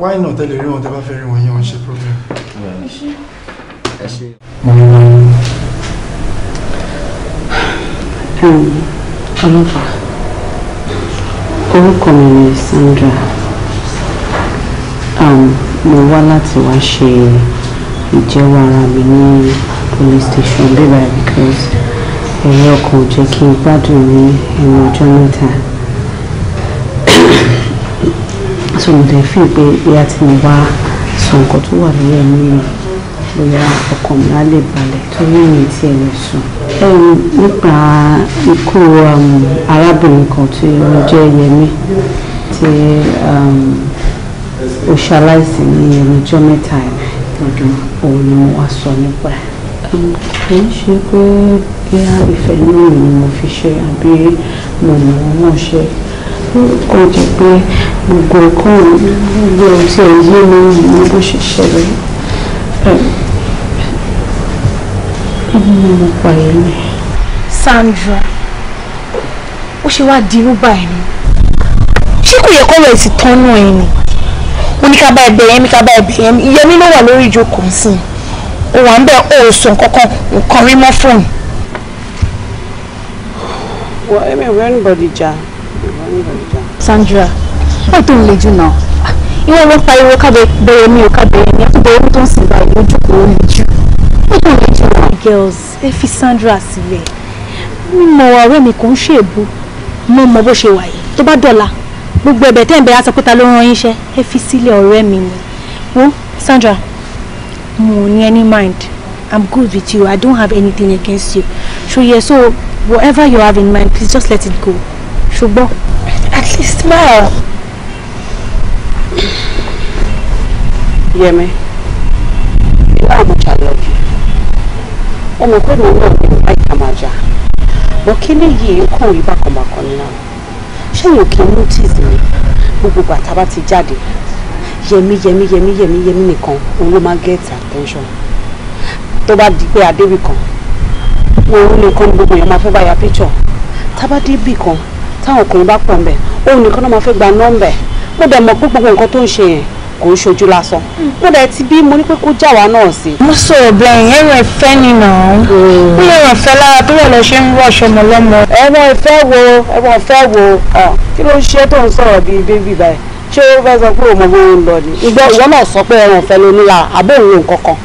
why not tẹ́lẹ̀ rí wọn tẹ́ bá fẹ́ rí wọn yẹn wọ́n ṣe problem. mo ní wọn. ọlọ́pàá orúkọ mi ni Sandra um, mo wá láti wá ṣe ìjẹ́wọ́ ara mi ní police station bíbá because ẹ̀rọ kò jẹ́ kí n gbádùn ní ẹnu ọjọ́ mẹ́ta so mo dẹ̀ fi pé bóyá tí mo bá sọ nǹkan tó wà lórí ẹ̀mí mi bóyá ọkàn mi á lè balẹ̀ torí mi tí ẹ lè sùn. nípa ikú um, arábìnrin kan tí ó jẹ́ Yẹmí tí um, ó ṣaláìsí ní ẹnu ọjọ́ mẹ́ta ọdún òun ni mo wá sọ nípa ẹ̀ kì í ṣe pé bí a ìfẹ́ náà ni mo fi ṣe àbí mo mọ̀ wọn náà ṣe kò jẹ́ pé gbogbo ẹ̀kọ́ gbogbo ọ̀sẹ̀ yé mi ní bó ṣe ṣẹlẹ̀ mo mọ̀ pa èyí ni. Sandra ó ṣe wáá dirú báyìí ni ṣé kò yẹ kó lọ èsì tán náà yìí ni oníkàbá ẹgbẹ yẹn mi kàbá ẹgbẹ yẹn mi ìyẹn mi ló wà lórí ìjókòó sí i. O wà ń bẹ̀ o sùn kankan nǹkan rí mọ́ fóònù. wọ ẹmí ọ̀rẹ́ anybody jà Sandra wọ́n tó ń le jù náà ìwọ ló ń pariwo kábẹ bẹ̀rẹ̀ mi ò kábẹ ẹni ẹ tó bẹ̀rẹ̀ mi tó ń sìn báyìí ojú kò ó le jù wọ́n tó ń le jù náà. girls ẹ fi Sandra sílẹ̀ mímọ ọ̀rẹ́ mi kò ń ṣèbù mo mọ bó ṣe wà yìí tó bá dọ̀la gbogbo ẹ̀bẹ̀ tẹ́ ń bẹ̀rẹ̀ aṣọ pé ta ló rán yín iṣẹ́ ẹ fi sílẹ̀ ọ̀rẹ́ mi ni wo Sandra mo ní any mind i'm good with you i don't have anything against you so yeah so whatever you have in mind please just let it go Shubo. at least smile. Yemi, you know how much I love you. ọmọ pé mo náà ní àìkà máa jà bọ́ kí léyìí kàn rí bákan bákan náà ṣé yóò kí n notice mi gbogbo ìgbà tá yẹmí yẹmí yẹmí yẹmí yẹmí nìkan òun ló máa get attention tó bá di pé adébì kan wọn òun nìkan ni gbogbo èèyàn máa fẹ́ bá ya picture tábàdébì kan táwọn ọkùnrin bá pọ̀ ńbẹ̀ òun nìkan náà máa fẹ́ gba nọ́mbẹ̀ mo dẹ̀ mọ̀ pé gbogbo nǹkan tó ń ṣe yẹn kò ń ṣojú lásán mo dẹ̀ ti bí mo ní pé kó já wa náà sí. mo sọ ọ̀bẹ yẹn ẹ̀rọ ìfẹ́ nìyà ó lè ràn fẹ́ lára tó wọ̀lẹ̀ ṣe ń rọ̀ ṣọmọ lọ́mọ. ẹ̀rọ ìfẹ́ wo ẹ̀rọ ìfẹ́ wo kí ló ń ṣe tó ń sọ̀rọ̀ bíi bébì báyìí ṣé ó fẹ́ sọ pé òun gbogbo ń lọ ni ìgbọ́ ìwọ náà sọ pé ẹran ọ̀fẹ́ ló ní lára àbó òun kankan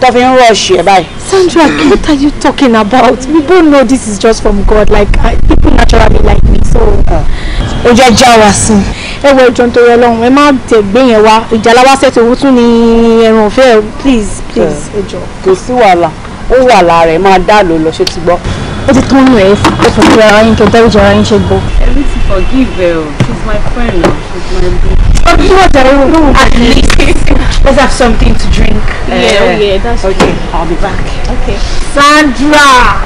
tó fi ń rọ̀ọ̀ṣì ẹ̀ báyìí. Sandra what are you talking about we both know this is just from God like I, uh, people naturally like me so. ó jẹ́ já wa sí ẹ wọ ìjọ nítorí Ọlọ́run ẹ má tẹ̀gbé yẹn wá ìjàlá wá ṣètò tún ní ẹran ọ̀fẹ́ please please ẹ jọ. kò sí wàhálà ó wà lára ẹ máa dá lò lọ ṣé ti gbọ́ ó ti tán nù ẹ ẹ fọ ara yín kẹ dáríjì ara yín ṣe gbọ́. ẹbí ti forgive ẹ o she's my friend now she's my boo. but you at least let's have something to drink. yeah uh, yeah that's eh, okay true. i'll be back. okay. Sandra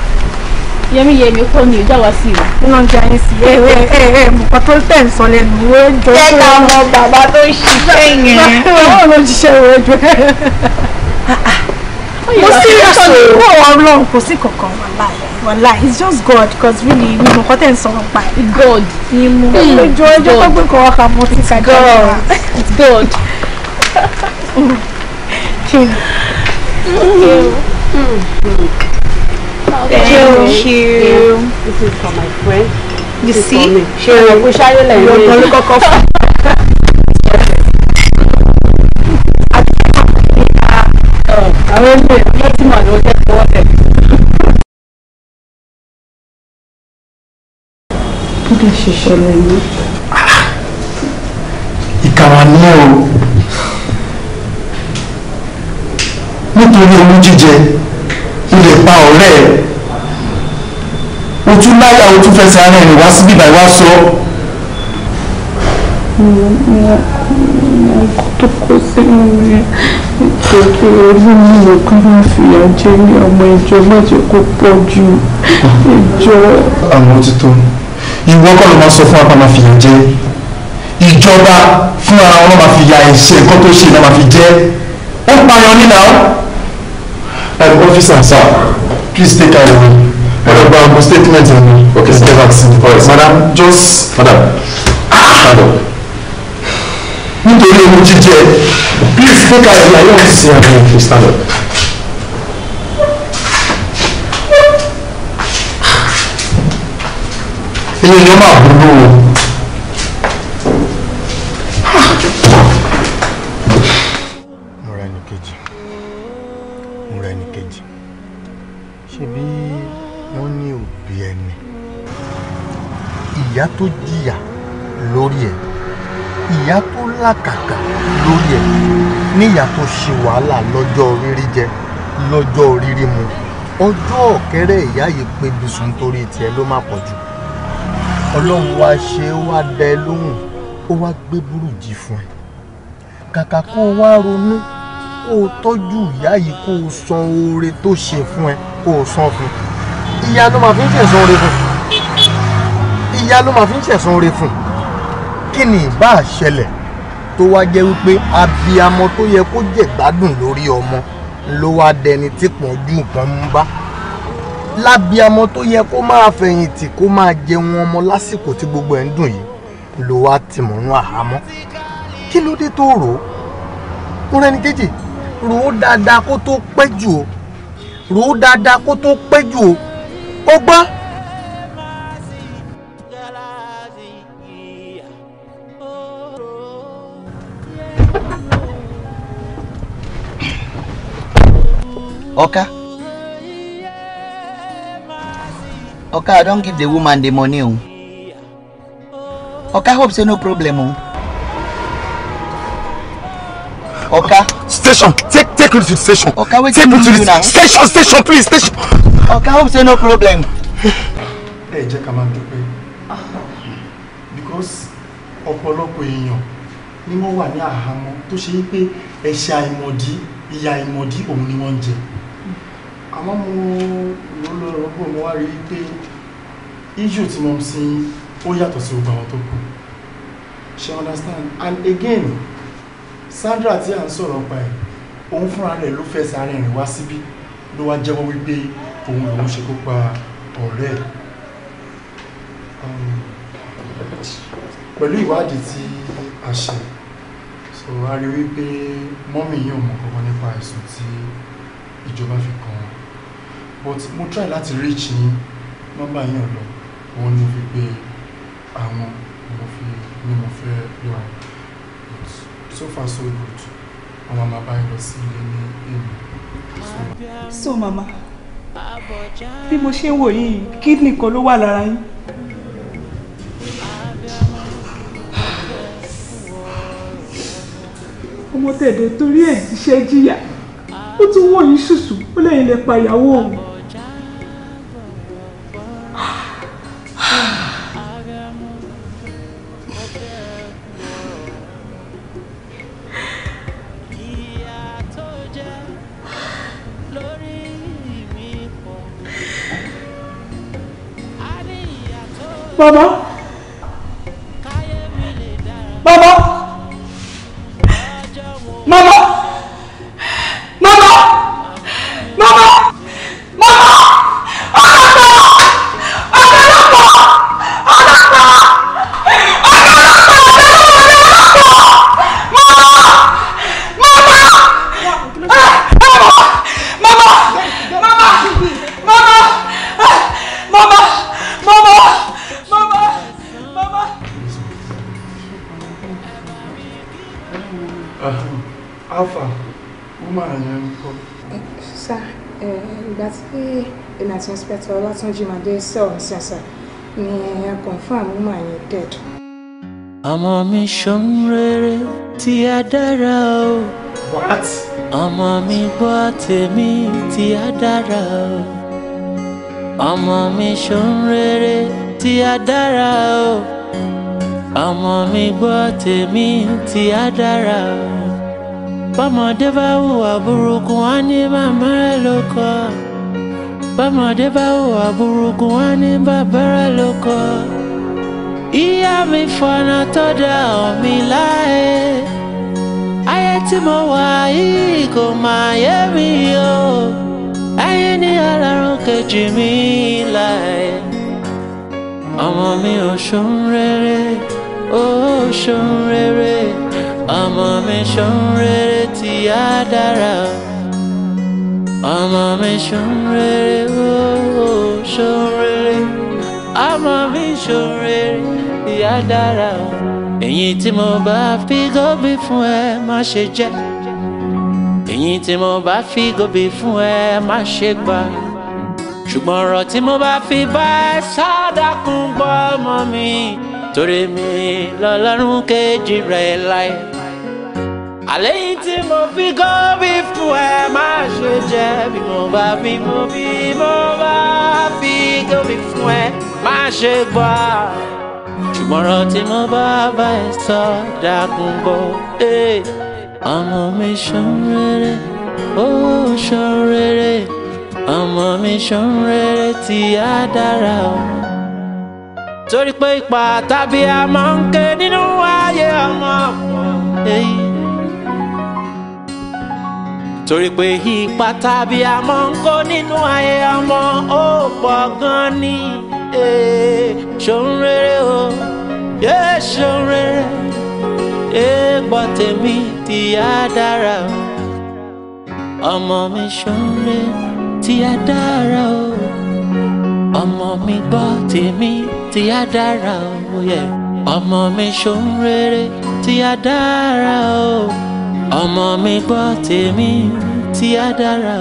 yẹmi yẹmi ó kọ́ ni ìjà wá sí ìwà. ó lọ ń jẹ ayé sí i. ẹ ẹ ẹ mọ̀pá tó tẹ̀ ń sọ lẹ́nu wo ń jọ. jẹ́ ká mọ bàbá tó ń ṣiṣẹ́ yẹn. báwo ló ń ṣiṣẹ́ wo jọ. Ah, ah. mo sì rẹ̀ sọ̀rọ̀ ọlọ́run kò sí kankan wà láàyè wàhálà it's just god because really we mọ̀ kọ́ tẹ̀ ń pa god ni mo jọ ẹjọ́ tó gbé kọ́ ọkà mọ́ ti kàjá wa. it's god. thank you. this is for my friend. you this see ṣe é kó ṣáyé lẹ́yìn rẹ̀ lọ́dún àwọn ọmọ ẹ̀ bí ti mọ̀ ní ọjọ́ tí dẹ̀ ṣe ṣẹlẹ̀ yìí. ìkàwà ni ẹ o nítorí owó jíjẹ o lè pa ọ̀rẹ́ ẹ o tún láyà o tún fẹsẹ̀ ara ẹ̀rìn wá síbí ìbáyìí wá sọ. ọkọ tó kó sínú mi ìtọ́jú olómi nìkan ló fìyà jẹ ní ọmọ ìjọ mẹ́jọ kó pọ̀ ju ìjọ. àwọn òtítọ́ ìwọ kọ́ ló máa sọ fún apá máa fi yàn jẹ ìjọba fúnra wọn máa fi ya ìṣe nǹkan tó ṣe náà máa fi jẹ ó pààyàn nínà ó. ẹ̀rọ ọ́fíìsà sá please take care of me ọ̀dọ̀ gba ọgbọ́n statement ẹ̀ mi okay stay back sit all right madam just madam madam nítorí ohun jíjẹ please take care of me i don't see am again please stand up. ele yẹn máa burú o. mo ra ẹnì kejì mo ra ẹnì kejì ṣebí wọ́n ní òbí ẹni ìyá tó jìyà lórí ẹ̀ ìyá tó làkàkà lórí ẹ̀ níyà tó ṣe wàhálà lọ́jọ́ rírí jẹ lọ́jọ́ rírí mu ọjọ́ ọ̀kẹ́rẹ́ ìyá yìí pé bisùn torí tiẹ̀ ló má pọ̀ jù ọlọ́run wá ṣe é wá dá ẹ lóhùn ó wá gbé burújí fún ẹ kàkà kó o wá ronú kó o tọ́jú ìyá yìí kó o sọ oore tó ṣe fún ẹ kó o san fún ìyá ló máa fi ń ṣẹ̀san oore fún ìyá ló máa fi ń ṣẹ̀san oore fún kí ni ìbá àṣẹlẹ̀ tó wá jẹ́ wípé abiyamọ tó yẹ kó jẹ̀gbádùn lórí ọmọ ló wá dẹni tí pọ̀jù kan ń bá lábíamọ tó yẹ kó máa fẹ̀yìntì kó máa jẹun ọmọ lásìkò tí gbogbo ẹ̀ ń dùn yìí ló wá tìmọ̀nú àhámọ́ kí ló dé tó rò ó mo rẹ́ni kejì rò ó dáadáa kó tó pẹ́ jù ó rò ó dáadáa kó tó pẹ́ jù ó ó gbọ́. ọ̀ka. Okay. Okay, I don't give the woman the money. Oh. Oka, hope there's no problem. Oh. Okay, Station, take take me to the station. Okay, wait take me to the station. station, station, please, station. Oka, hope there's no problem. Hey, jẹ́ ká máa dúpẹ́. Because ọ̀pọ̀lọpọ̀ èèyàn ni mo wà ní àhámọ́ tó ṣe é pé ẹ̀ṣẹ̀ àìmọ̀dí ìyà àìmọ̀dí àmọ́ mo rò lọ rọ́gbọ̀n i pé issue tí mo ń ó yàtọ̀ sí gbogbo àwọn tó kù ṣe understand and again Sandra tí à ń sọ̀rọ̀ pa ẹ̀ òun fúnra rẹ̀ ló fẹ́ sáré rìn wá síbí ló wá jẹ́wọ́ wípé òun lòun ṣe kó pa ọ̀rẹ́ ẹ̀ um, pẹ̀lú ìwádìí tí a ṣe so a rí wípé mọ́mì yìí ò mọ̀ kankan nípa ẹ̀sùn tí ìjọba fi kàn but mo try láti reach yín nọ́mbà yín ọ̀dọ̀ òun ni mo fi pe àwọn mo fi ni mo fẹ́ lọ but so far so good àwọn máa bá yín lọ sí ilé ní èmi. so mama bí mo ṣe ń wò yìí kídìnì kan ló wà lára yín. ọmọ tẹ̀dẹ̀ torí ẹ̀ ṣiṣẹ́ jìyà ó tún wọ̀nyí ṣùṣù ó lẹ́yìn lè pa ìyàwó òun. bàbá sá eh, ìgbà tí èmi àti inspector ọlátúnjì máa dé sẹ́wọ̀n sẹ́sà ni ẹ confam woman yẹn dead. ọmọ mi ṣòun rere tí a dára o. ọmọ mi gbọ́ tèmi tí a dára o. ọmọ mi ṣòun rere tí a dára o. ọmọ mi gbọ́ tèmi tí a dára o bọ́mọdé bá hùwà burúkú wọn ní màmá rẹ̀ ló kọ́ bọ́mọdé bá hùwà burúkú wọn ní bàbá rẹ̀ ló kọ́ ìyá mi fọ̀nà tó dá omi láàyè ayé tí mo wà yìí mi o ayé ọmọ mi ṣùn rere tí á dára ọmọ mi ṣùn rere ó ṣùn rere ọmọ mi ṣùn rere tí á dára èyí tí mo bá fi gòbí fún ẹ má ṣe jẹ èyí tí mo bá fi gòbí fún ẹ má ṣe gbà ṣùgbọ́n ọ̀rọ̀ tí mo bá fi bá ẹ sádàkún gbọ́ ọmọ mi torí mi lọ́lọ́run kejì rẹ̀ láì àlẹ́yìn tí mo fi kọ́ bí fún ẹ má ṣe jẹ́ bí mo bá bí mo bí mo bá fi kọ́ bí fún ẹ má ṣe gbà. ṣùgbọ́n tí mo bá bá ẹ sọ dákun bọ̀ ọmọ mi ṣan rere ó ṣan rere ọmọ mi ṣan rere tí á o. torí pé ipa tàbí àmọ́ ń ké nínú ayé ọmọ torí pé ipa tàbí àmọ́ ń kó nínú ayé ọmọ ó pọ̀ gan ni ṣòun rere o ṣòun rere èèpọ̀ tèmi tìyá dára o ọmọ mi ṣòun rere tìyá dára o ọmọ mi gbọ́ tèmi tìyá dára o ọmọ mi ṣòun rere tìyá dára o ọmọ mi gbọ́ tèmi tí a dára